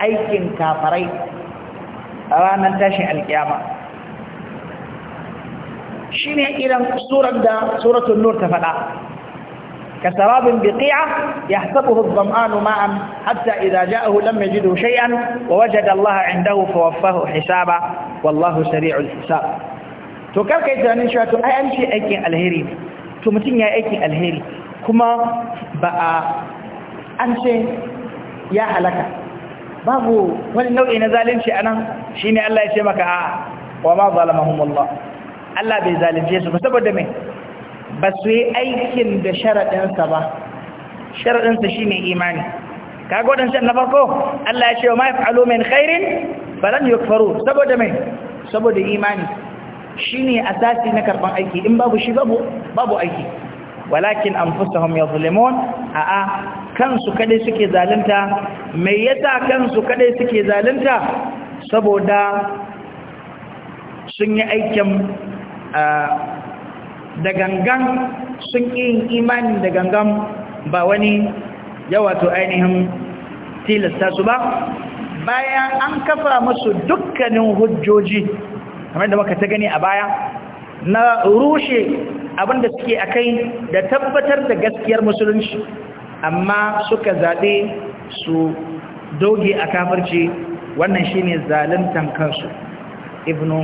[SPEAKER 1] aikin kafarai a ranar tashin alkiyama shine irin surar da suratul nur ta faɗa كسراب بقيعة يحسبه الظمآن ماء حتى إذا جاءه لم يجده شيئا ووجد الله عنده فوفاه حسابا والله سريع الحساب to kar kai tunanin cewa to ai an aikin alheri ne mutum ya yi aikin alheri kuma ba a an ya halaka babu wani nau'i na zalunci anan shine Allah ya ce maka a Allah bai zalunce su ba saboda mai ba su yi aikin da sharaɗinsa ba sharaɗinsa shi ne imani kaga waɗansu na farko Allah ya ce wa ma yaf'alu min khairin yi yukfaru saboda mai saboda imani Shi ne a sati na karɓar aiki in babu shi babu babu aiki walakin anfusuhum yuzlimun a a kansu kadai suke zalunta me yasa kansu kadai suke zalunta saboda sun yi aikin da gangan sun yi imani da gangan ba wani yawa to ainihin tilasta su ba bayan an kafa musu dukkanin hujjoji kamar da muka ta gani a baya na rushe abinda suke a kai da tabbatar da gaskiyar musulunci amma suka zaɓe su doge a kafirci wannan shine zaluntan kansu ibnu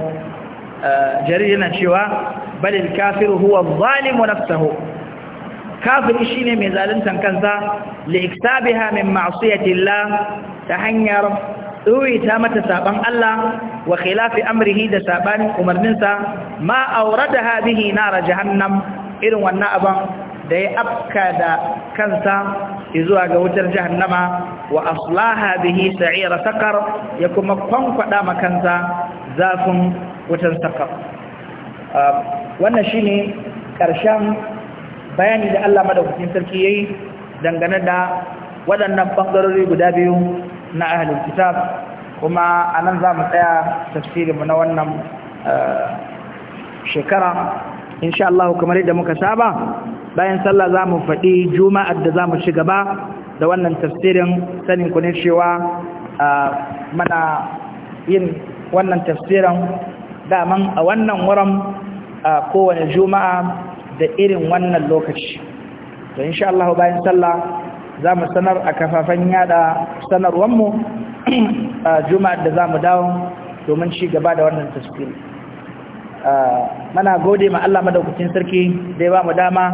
[SPEAKER 1] jarir yana cewa balil kafir huwa zalimu nafsahu kafiri shine mai zaluntan kansa li iktabiha min ma'siyati Allah ta hanyar ta mata saban Allah wa khilafi amrihi da sabanin umarninsa ma auradaha bihi nar jahannam irin wannan aban da ya afka da kansa zuwa ga wutar jahannama wa aslaha bihi sa'ira sakar ya kuma kwankwada makansa zafin wutar saqaf um, wannan shine karshen bayani da Allah madaukakin sarki ya yi dangane da waɗannan bangarori guda biyu na ahalin kitab kuma a nan za mu tsaya tafsirinmu na wannan uh, shekara insha Allah kamar yadda muka saba bayan sallah za mu faɗi juma'ar da za mu ci gaba da wannan tafsirin sanin ku cewa uh, mana yin wannan tafsirin daman a wannan wurin a kowane juma'a da irin wannan lokaci to insha Allah bayan sallah za mu sanar a kafafen yada sanarwanmu a juma'ar da za mu dawo domin ci gaba da wannan taskiri mana gode ma Allah madaukakin sarki da ya ba mu dama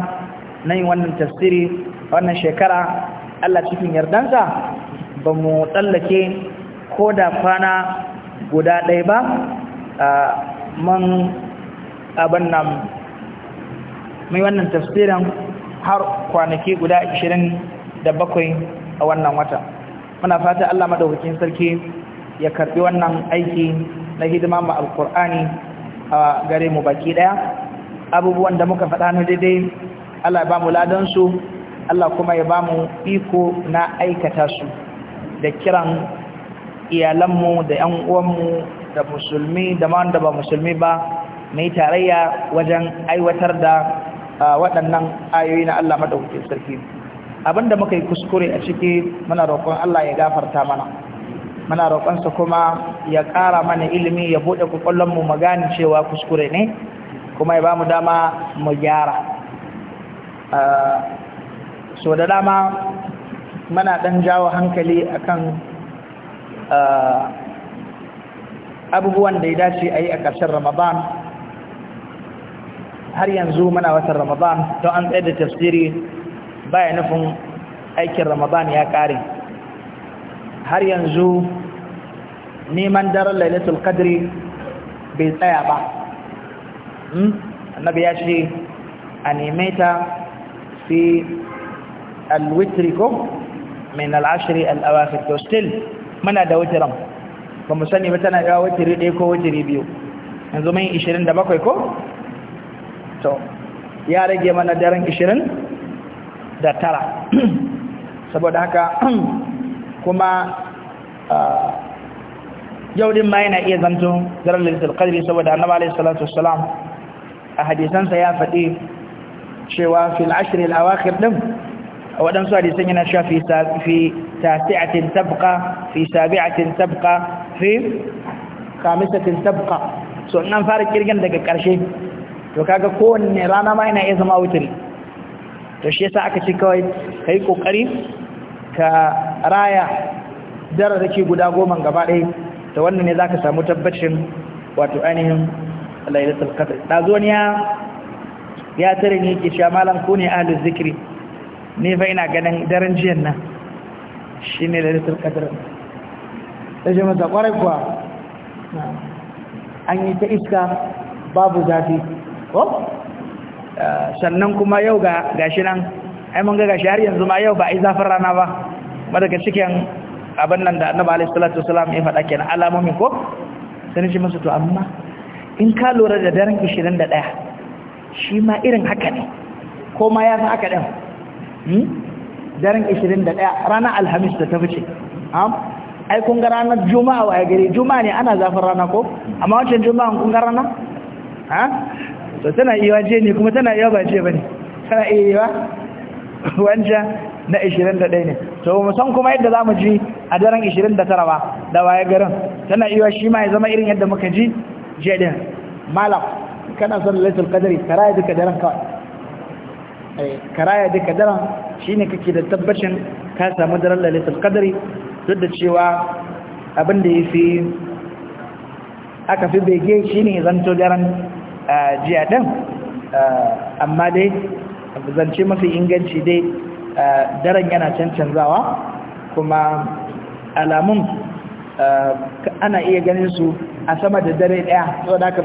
[SPEAKER 1] na yin wannan taskiri wannan shekara Allah cikin yardansa ba mu tsallake ko da kwana guda ɗaya ba man abin nan mai wannan tafsirin har kwanaki guda 27 a wannan wata muna fata Allah madaukakin sarki ya karbi wannan aiki na hidima ma alkur'ani a gare mu baki daya abubuwan da muka faɗa na daidai Allah ya ba mu ladansu Allah kuma ya ba mu iko na aikata su da kiran iyalanmu da 'yan uwanmu da musulmi da ma wanda ba musulmi ba mai tarayya wajen aiwatar da waɗannan ayoyi na Allah madaukakin sarki abinda muka yi kuskure a ciki muna roƙon Allah ya gafarta mana muna roƙonsa kuma ya ƙara mana ilimi ya buɗe mu mu gane cewa kuskure ne kuma ya ba mu dama mu gyara so da dama muna ɗan jawo hankali akan abubuwan da ya dace a yi a ƙarshen ramadan har yanzu muna watan ramadan don an tsaye da tafsiri baya nufin aikin ramadan ya ƙare har yanzu neman daren lailatul qadri bai tsaya ba hmm? annabi ya ce a neme ta fi alwitri ko min al'ashiri al'awafir to still muna da wutiran ba mu sani ba tana yawa wajiri ɗaya ko wajiri biyu yanzu mai ishirin da bakwai ko? to ya rage mana daren ishirin da tara saboda haka kuma yau din ma yana iya zanto daren lalitar kadiri saboda annaba alai salatu salam a hadisansa ya faɗi cewa fil ashirin wakil ɗin a waɗansu hadisan yana sha fi tasi'atin tabka fi sabi'atin tabka fi khamisatin tabqa so in an fara kirgan daga karshe to kaga kowanne rana ma yana iya zama wutiri to shi yasa aka ci kawai kai kokari ka raya dararraki guda goma gaba ɗaya to wannan ne zaka samu tabbacin wato ainihin lailatul qadr dazoniya ya tare ni ke cewa malam ku ne ahlul zikri ne fa ina ganin daren jiyan nan shine lailatul qadr sai shi masa kwarai kuwa an yi ta iska babu zafi ko sannan kuma yau ga gashi nan ai mun ga gashi har yanzu ma yau ba ai zafin rana ba ba daga cikin abin nan da annabi alaihi salatu wasalam ya faɗa kenan alamomi ko sai shi masa to amma in ka lura da daren 21 shi ma irin haka ne ko ma ya san haka din hmm? daren 21 rana alhamis da ta fice ai kun ga ranar juma'a wa gari juma'a ne ana zafin rana ko amma wancan juma'a kun ga rana ha to tana iya waje ne kuma tana iya ba bane tana iya yiwa wancan na 21 ne to mu san kuma yadda zamu ji a daren 29 ba da waye garin tana iya shi ma ya zama irin yadda muka ji je din malam kana son lailatul qadari karaya duka daren eh, ka karaya duka daren shine kake da tabbacin ka samu daren lailatul qadari duk da cewa abin da ya fi aka fi bege shi ne zanto daren ɗin, amma dai zance mafi inganci dai daren yana cancanzawa kuma alamun ana iya ganin su a sama da dare daya to da ka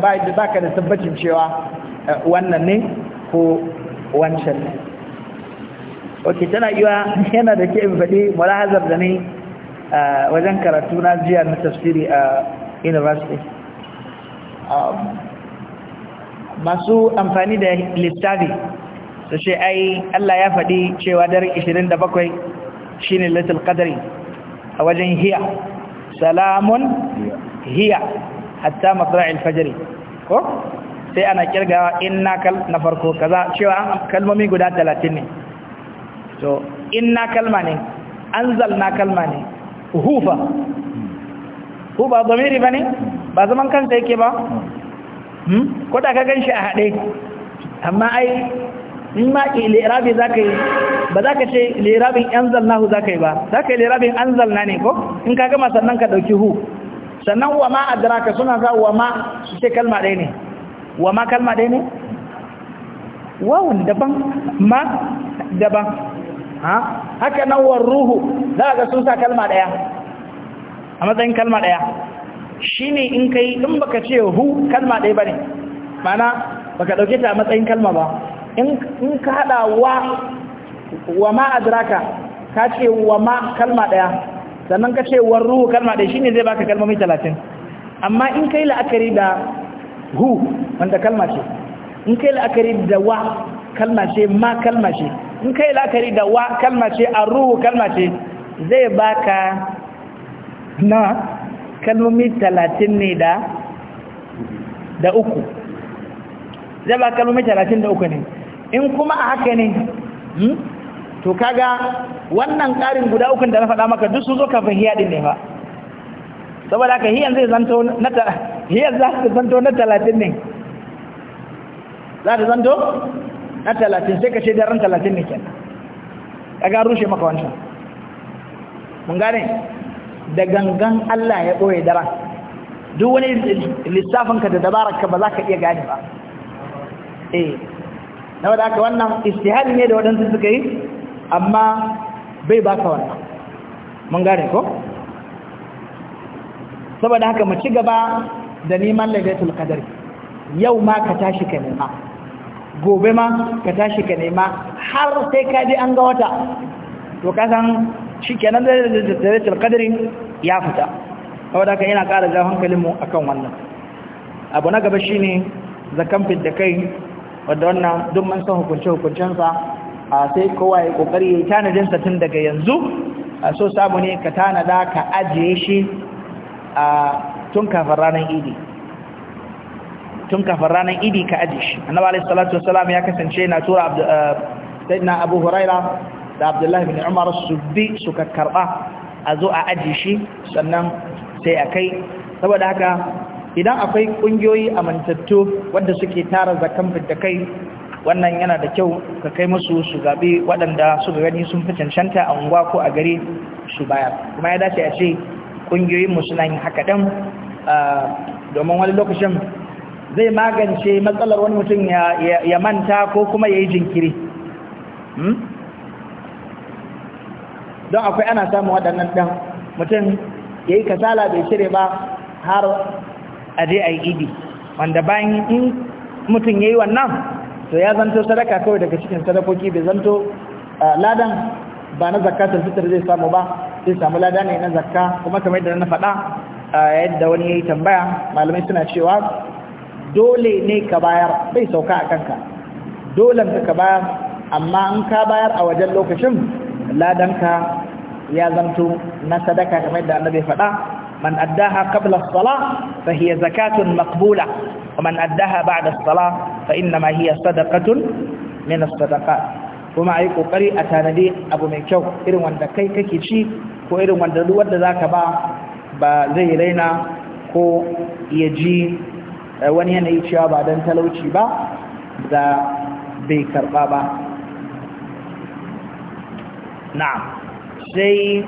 [SPEAKER 1] da tabbacin cewa wannan ne ko wancan ne ok tana iya yana da ke faɗi mulahazar da ne wajen karatu na jiya na tafsiri a university masu amfani da littafi su ce ai Allah ya faɗi cewa darin 27 ne little kadari. a wajen hiya salamun hiya hatta matsara alfajari ko sai ana kirgawa inna kal na farko kaza cewa kalmomi guda 30 ne to inna kalma ne an na kalma ne hufa ko ba zamiri ba ne ba zaman kanta yake ba hmm? ko da ka gan shi a hade amma ai in ma lirabi za ba za ka ce lirabin anzalnahu zalnahu za ka yi ba za ka yi lirabin an ne ko in ka gama sannan ka ɗauki hu sannan wa ma adraka suna za wa ma su ce kalma dai ne wa ma kalma dai ne wanda ban ma daban ha haka nan war ruhu za ga sun sa kalma daya a matsayin kalma daya shine in kai in baka ce hu kalma daya bane mana baka dauke ta a matsayin kalma ba in in ka hada wa wa ma adraka ka ce wa ma kalma daya sannan ka ce war ruhu kalma daya shine zai baka kalmomi 30 amma in kai la'akari da hu wanda kalma ce in kai la'akari da wa kalma ce ma kalma ce in kai la'akari da wa kalma ce ruhu kalma ce zai baka na kalmomi talatin ne da da uku zai ba kalmomi talatin da uku ne in kuma a haka ne hmm, to kaga wannan karin guda ukun da na faɗa maka duk sun zo ka hiya ɗin ne ba saboda haka hiyar zai zanto na hiyar za ta zanto na talatin ne za ta zanto na talatin sai ka ce daren talatin ne kenan kaga rushe maka wancan mun gane da gangan Allah ya boye dara duk wani lissafinka da dabararka ba za ka iya gane ba eh na wadda aka wannan istihali ne da waɗansu suka yi amma bai ba ka wannan mun gane ko saboda haka mu ci gaba da neman lagatul qadar yau ma ka tashi ka nema gobe ma ka tashi ka nema har sai ka ji an ga wata to ka san shi kenan da zaratul qadri ya fita saboda haka yana ƙara jawo hankalin mu akan wannan abu na gaba shine zakan da kai wadda wannan duk mun san hukunce hukuncensa a sai kowa ya kokari ya tanadin sa tun daga yanzu a so samu ne ka tanada ka ajiye shi a tun kafin ranar idi tun kafin ranar idi ka aji shi annabi alaihi salatu wasalam ya kasance na tura eh, sayyidina abu huraira da abdullahi bin umar su bi suka karba a zo a aji shi sannan sai a kai saboda haka idan akwai kungiyoyi amintattu wadda suke tara zakan fita kai wannan yana da kyau ka kai musu su gabi waɗanda suka gani sun fi cancanta a unguwa ko a gari su bayar kuma ya dace a ce kungiyoyin mu suna yin haka ɗan eh, domin wani lokacin zai magance matsalar wani mutum ya manta ko kuma ya yi jinkiri hmm? don akwai ana samun waɗannan ɗan mutum ya yi kasala bai cire ba har a je a yi idi wanda bayan in mutum ya yi wannan to ya zanto sadaka kawai daga cikin sadakoki bai zanto ladan ba na zakka fitar zai samu ba zai samu lada ne na zakka kuma kamar da na faɗa yadda wani ya yi tambaya malamai suna cewa dole ne ka bayar bai sauka a kanka dolen ka bayar amma in ka bayar a wajen lokacin ladanka ya zanto na sadaka kamar da annabi faɗa man addaha qabla as-salah fa hiya zakatun maqbula wa man addaha ba'da as-salah fa inna ma hiya sadaqatun min as-sadaqat kuma kokari a tanadi abu mai kyau irin wanda kai kake ci ko irin wanda duk wanda zaka ba ba zai raina ko ya ji Eh, wani yanayi cewa ba don talauci ba da bai karba ba Na. sai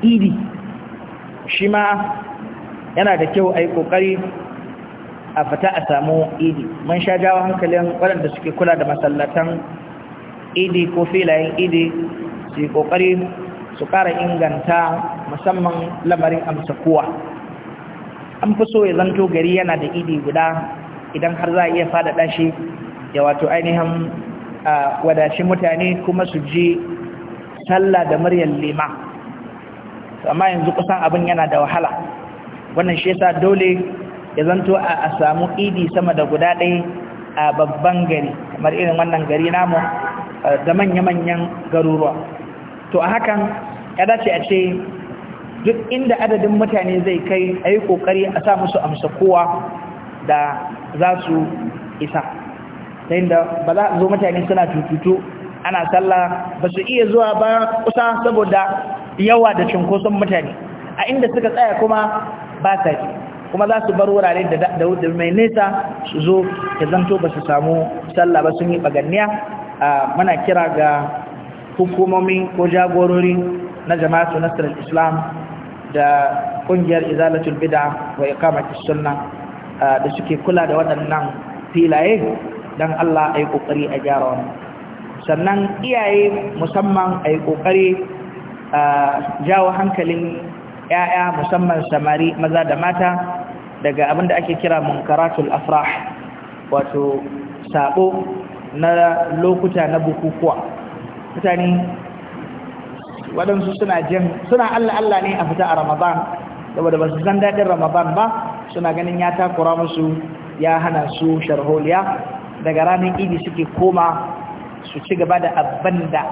[SPEAKER 1] idi shi ma yana da kyau a yi ƙoƙari a fita a samu idi mun sha jawo hankalin waɗanda suke kula da masallatan idi ko filayen idi su yi ƙoƙari su ƙara inganta musamman lamarin amsa kowa an fi so ya zanto gari yana da idi guda idan har za a iya faɗaɗa shi ya wato ainihin wadashi mutane kuma su je sallah da muryar lima amma yanzu kusan abin yana da wahala wannan shi yasa dole ya zanto a samu idi sama da guda ɗaya a babban gari kamar irin wannan gari namu da manya-manyan garuruwa to a hakan ya dace a ce duk inda adadin mutane zai kai a yi ƙoƙari a sa musu amsa kowa da za su isa ta da ba za a zo mutane suna tututu ana sallah ba su iya zuwa ba kusa saboda yawa da cunkoson mutane a inda suka tsaya kuma ba sa ji kuma za su bar wurare da da mai nesa su zo ta zanto ba su samu sallah ba sun yi baganniya muna kira ga hukumomi ko jagorori na jama'a sunastar islam da kungiyar izalatul bid'a wa iqamati sunna ah, da suke kula da waɗannan filaye dan Allah ayi kokari a gyara sannan iyaye musamman ayi kokari ah, jawo hankalin yaya musamman samari maza da mata daga abin da ake kira munkaratul afrah wato sabo na lokuta na bukukuwa mutane waɗansu suna jin suna Allah Allah ne a fita a Ramadan saboda ba su san daɗin Ramadan ba suna ganin ya takura musu ya hana su sharholiya daga ranar idi suke koma su ci gaba da abin da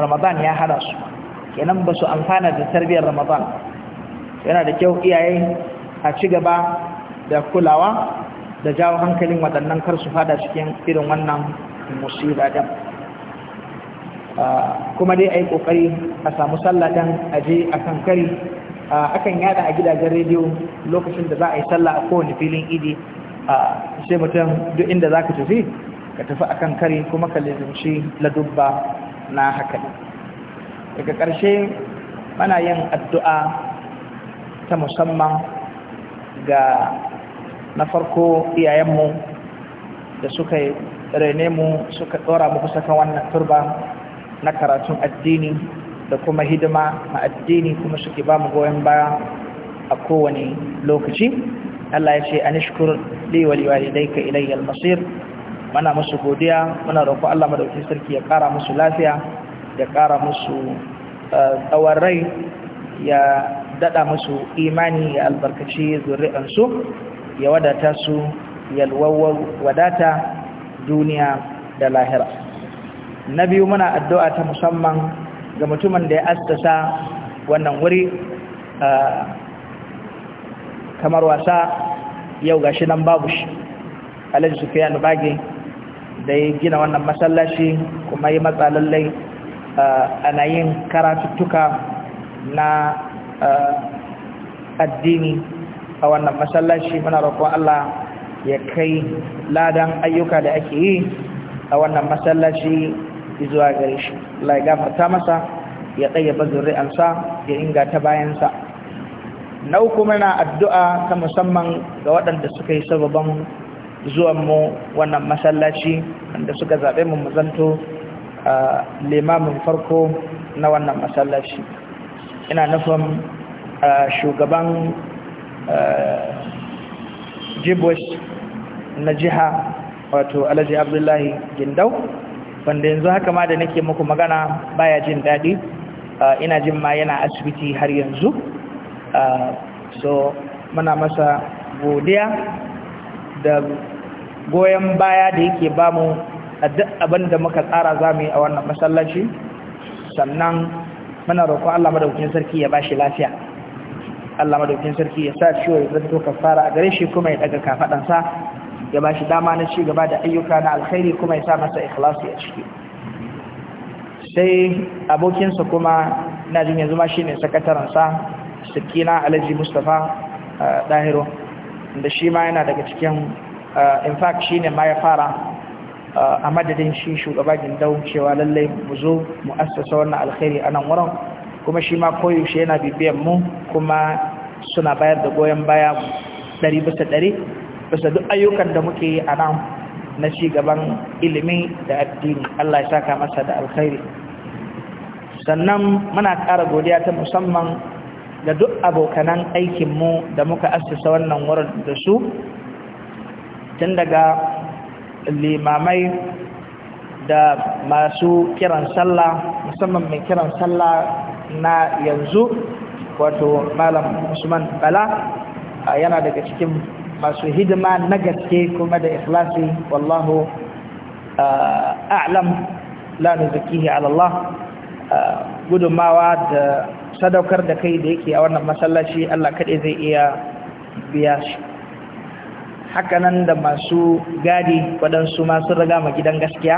[SPEAKER 1] Ramadan ya hana su kenan ba su amfana da tarbiyyar Ramadan yana da kyau iyaye a ci gaba da kulawa da jawo hankalin waɗannan kar su fada cikin irin wannan musiba Ah, kuma dai a yi ƙoƙari a samu sallah dan a je a kan kari ah, akan yada a gidajen rediyo lokacin da za a yi sallah a kowane filin idi ah, sai mutum duk inda za ka tafi ka tafi akan kari kuma ka lizimci ladubba na haka daga ƙarshe mana yin addu'a ta musamman ga na farko iyayenmu da suka rene mu suka tsora mu kusa kan wannan turba na karatun addini da kuma hidima a addini kuma suke ba mu goyon baya a kowane lokaci Allah ya ce a nishkur liwali walidai ka ilayyar masir mana musu godiya muna roƙo Allah madauki sarki ya kara musu lafiya ya ƙara musu eh, tsawon rai ya dada musu imani ya albarkaci su ya wadata su yalwawar wadata duniya da lahira na biyu muna addu'a ta musamman ga mutumin da ya sa wannan wuri kamar wasa yau gashi nan babu shi alhaji sufiyanu bage da ya gina wannan masallaci kuma yi matsa lallai ana yin karatuttuka na addini a wannan masallaci muna roƙon Allah ya kai ladan ayyuka da ake yi a wannan masallaci zuwa gare shi Allah ya gafarta masa ya tsayyaba zuri'ansa ya inga ta bayansa na uku muna addu'a ta musamman ga waɗanda suka yi sababan zuwanmu wannan masallaci wanda suka zaɓe mu muzanto limamin farko na wannan masallaci ina nufin shugaban jibwis na jiha wato alhaji abdullahi gindau wanda yanzu haka ma da nake muku magana baya jin daɗi ah, ina jin ma yana asibiti har yanzu ah, so muna masa godiya da goyon baya da yake bamu a duk abin da muka tsara za mu yi a wannan masallaci sannan muna roƙon Allah madaukakin sarki ya bashi lafiya Allah madaukakin sarki ya sa ciwo ya zanto kafara a gare shi kuma ya daga kafadansa ya ba shi dama na cigaba da ayyuka na alkhairi kuma ya sa masa ikhlasi a ciki sai abokinsa kuma na jin yanzu ma shine sakataransa sakina alaji mustapha dahiro da shi ma yana daga cikin in fact ne ma ya fara a madadin shi shugaba gindau cewa lallai mu zo mu assasa wannan alkhairi a nan wurin kuma shi ma koyaushe yana bibiyan mu kuma suna bayar da goyon baya ɗari bisa ɗari bisa duk ayyukan da muke yi a nan na gaban ilimi da addini Allah ya saka masa da alkhairi sannan muna ƙara godiya ta musamman da duk abokanan aikinmu da muka assasa wannan wurin da su tun daga limamai da masu kiran sallah musamman mai kiran sallah na yanzu wato malam usman bala yana daga cikin masu hidima na gaske kuma da ikhlasi wallahu uh, a'lam la nuzakihi ala Allah uh, gudumawa da sadaukar da kai da yake a wannan masallaci Allah kaɗai zai iya biya shi hakanan da masu gadi waɗansu masu riga ma gidan gaskiya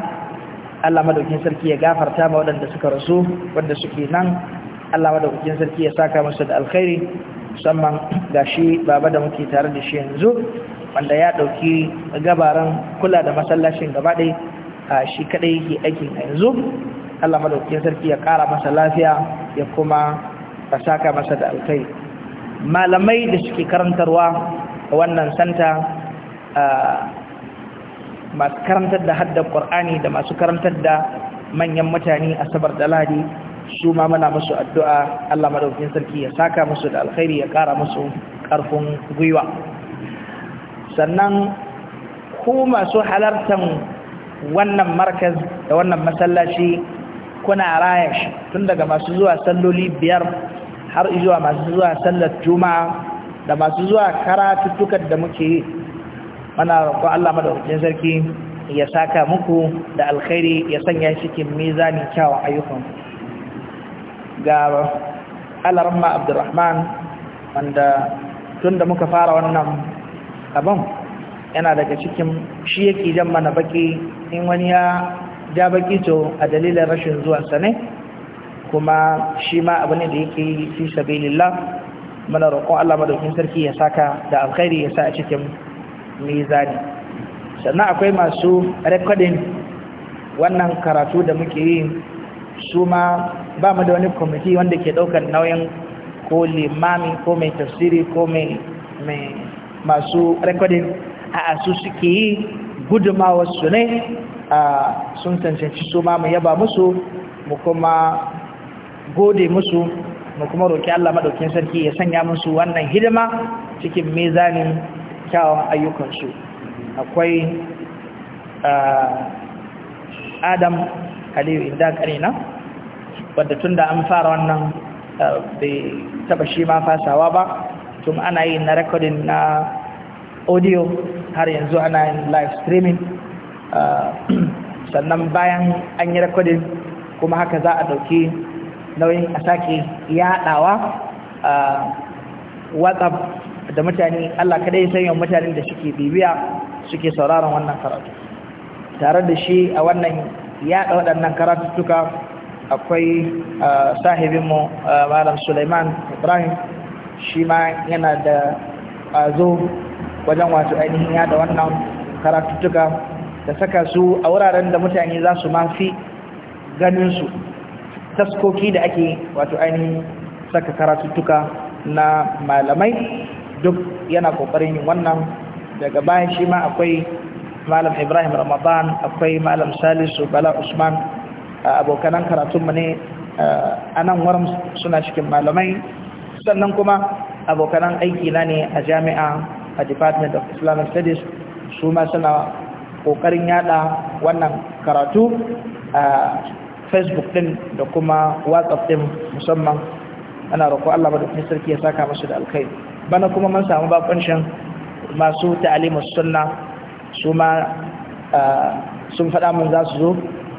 [SPEAKER 1] Allah madaukin sarki ya gafarta ma waɗanda suka rasu wanda suke nan Allah madaukin sarki ya saka musu da alkhairi musamman ga shi baba da muke tare da shi yanzu wanda ya ɗauki gabaran kula da masallacin gaba ɗai a shi kaɗai yake aikin yanzu Allah madaukakin sarki ya ƙara masa lafiya ya kuma fasaka masa da alkai malamai da suke karantarwa a wannan santa masu karantar da haddar ƙwar'ani da masu karantar da manyan mutane a sabar da ladi su ma muna musu addu'a Allah madaukakin sarki ya saka musu da alkhairi ya kara musu karfin gwiwa sannan ku masu halartan wannan markaz da wannan masallaci kuna raya shi tun daga masu zuwa salloli biyar har zuwa masu zuwa sallar juma'a da masu zuwa karatuttukan da muke yi mana ko Allah madaukakin sarki ya saka muku da alkhairi ya sanya shi cikin mizanin kyawun ayyukanku ga alarma abdurrahman wanda tun da muka fara wannan abin yana daga cikin shi yake jan mana baki in wani ya ja baki to a dalilin rashin zuwansa ne kuma shi ma abu ne da yake fi sabilillah mana roƙon Allah madaukin sarki ya saka da alkhairi ya sa a cikin mizani sannan akwai masu rekodin wannan karatu da muke yi su ma ba mu da wani kwamiti wanda ke ɗaukar nauyin ko limami ko mai tafsiri ko mai masu rekodin a su suke yi gudumawarsu ne sun cancanci su ma mu yaba musu mu kuma gode musu mu kuma roƙi Allah maɗaukin sarki ya sanya musu wannan hidima cikin mezanin kyawun ayyukansu akwai adam kaliyu inda ƙarina wadda tun da an fara wannan eh, bai taba shi ma fasawa ba tun ana yi na rekodin na audio har yanzu ana yin live streaming eh, sannan bayan an yi rekodin kuma haka za a dauki nauyin a sake yadawa eh, whatsapp da mutane Allah kadai ya sanya mutanen da suke bibiya suke sauraron wannan karatu tare da shi a wannan yada waɗannan karatu karatuttuka akwai ah, sahibinmu ah, malam suleiman ibrahim shi ma yana da ƙwazo wajen wato ainihin yada wannan karatuttuka da saka su a wuraren da mutane za su mafi su taskoki da ake wato ainihin saka karatuttuka na malamai duk yana ƙoƙarin yin wannan daga bayan shi ma akwai malam ibrahim ramadan akwai malam salisu bala usman abokanan karatunmu ne a nan warm suna cikin malamai sannan kuma abokanan na ne a jami'a a department of islamic studies su ma suna ƙoƙarin yada wannan karatu a facebook din da kuma whatsapp din musamman ana roƙo Allah madaukakin sarki ya saka masu da alkai bana kuma mun samu bakuncin masu ta'alimus sunna su ma sun faɗa mun za su zo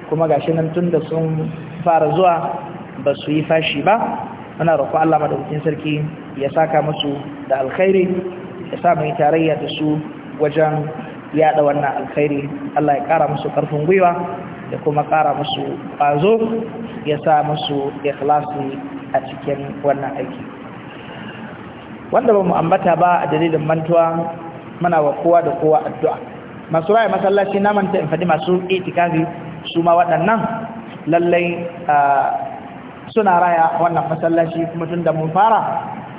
[SPEAKER 1] kuma gashi nan tun da sun fara zuwa ba su yi fashi ba muna roƙo Allah madaukakin sarki ya saka musu da alkhairi ya sa mai tarayya da su wajen yada wannan alkhairi Allah ya ƙara musu ƙarfin gwiwa da kuma ƙara musu ƙwazo ya sa musu ikhlasi a cikin wannan aiki wanda ba mu ambata ba a dalilin mantuwa muna wa kowa da kowa addu'a masu raya masallaci na manta in fadi masu itikafi su ma waɗannan lallai suna raya wannan masallaci kuma tun da mun fara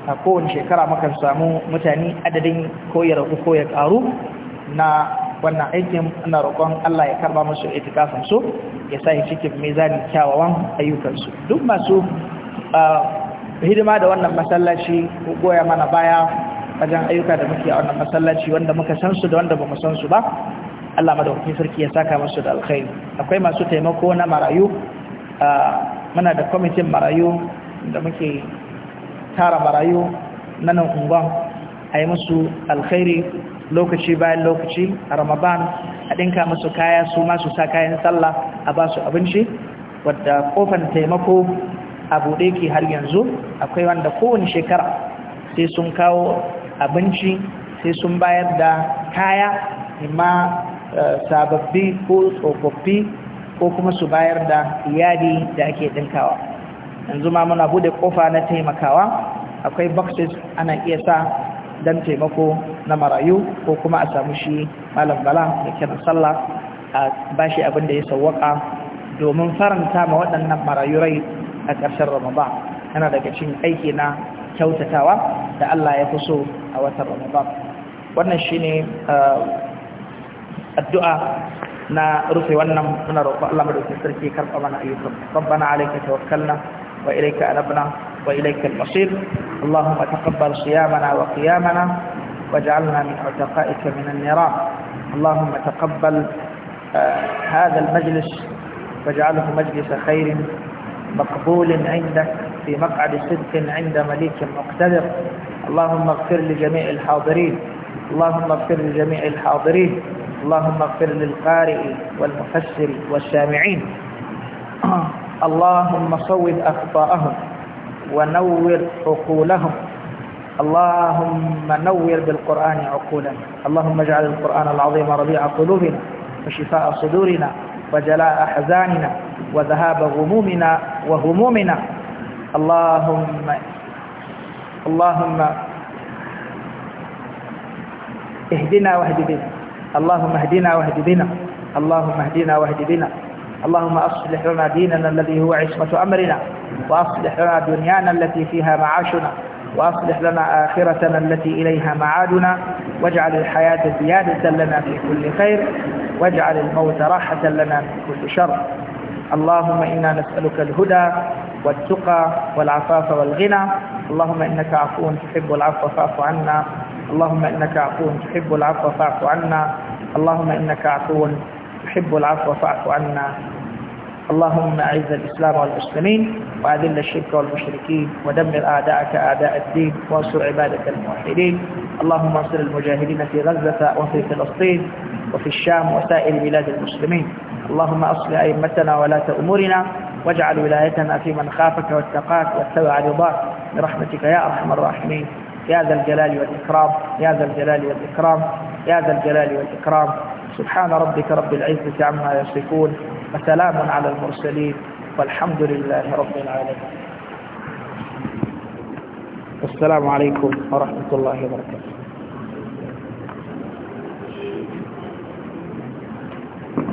[SPEAKER 1] a kowane shekara mukan samu mutane adadin koyar ko ya karu na wannan aikin na roƙon Allah ya karba musu itikafansu su ya sa cikin zani kyawawan ayyukansu duk masu hidima da wannan masallaci ko goya mana baya wajen ayyuka da muke a wannan masallaci wanda muka sansu su da wanda bamu san su ba Allah madaukakin sarki ya saka masu da alkhairi akwai masu taimako na marayu ah, muna da kwamitin marayu da muke tara marayu na nan unguwan a yi musu alkhairi lokaci bayan lokaci a ramadan a ɗinka masu kaya su masu sa kayan sallah a ba su abinci wadda kofan taimako a buɗe ke har yanzu akwai wanda kowane shekara sai sun kawo abinci sai sun bayar da kaya imma. Eh, sababbi ko tsofaffi ko kuma su bayar da iyali da ake ɗinkawa yanzu ma muna bude kofa na taimakawa akwai boxes ana iya sa don taimako na marayu ko kuma a samu shi malam bala da kiran sallah a bashi abin da ya sauwaka domin faranta ma waɗannan marayu rai a ƙarshen ramadan yana daga cin aiki na kyautatawa da Allah ya fi so a watan ramadan wannan shine eh, addu'a na rufe wannan muna roƙo Allah madaukakin sarki karɓa mana ayyukan rabbana alayka tawakkalna wa ilayka anabna wa ilayka al-masir allahumma taqabbal siyamana wa qiyamana waj'alna min utaqa'ika min an-niran allahumma taqabbal هذا المجلس واجعله مجلس خير مقبول عندك في مقعد صدق عند مليك مقتدر اللهم اغفر لجميع الحاضرين اللهم اغفر لجميع الحاضرين اللهم اغفر للقارئ والمفسر والسامعين اللهم صوب أخطاءهم ونور عقولهم اللهم نور بالقرآن عقولنا اللهم اجعل القرآن العظيم ربيع قلوبنا وشفاء صدورنا وجلاء أحزاننا وذهاب غمومنا وهمومنا اللهم اللهم اهدنا واهد بنا اللهم اهدنا واهد بنا اللهم اهدنا واهد بنا اللهم أصلح لنا ديننا الذي هو عصمة أمرنا وأصلح لنا دنيانا التي فيها معاشنا وأصلح لنا آخرتنا التي إليها معادنا واجعل الحياة زيادة لنا في كل خير واجعل الموت راحة لنا من كل شر اللهم إنا نسألك الهدى والتقى والعفاف والغنى اللهم إنك عفو تحب العفو فاعف عنا اللهم إنك عفو تحب العفو فاعف عنا اللهم إنك عفو تحب العفو فاعف عنا اللهم أعز الإسلام والمسلمين وأذل الشرك والمشركين ودمر أعداءك أعداء الدين وانصر عبادك الموحدين اللهم انصر المجاهدين في غزة وفي فلسطين وفي الشام وسائر بلاد المسلمين اللهم أصل أئمتنا ولاة أمورنا واجعل ولايتنا في من خافك واتقاك واتبع رضاك برحمتك يا أرحم الراحمين يا ذا الجلال والإكرام يا ذا الجلال والإكرام يا ذا الجلال والإكرام سبحان ربك رب العزة عما يصفون وسلام على المرسلين والحمد لله رب العالمين السلام عليكم ورحمة الله وبركاته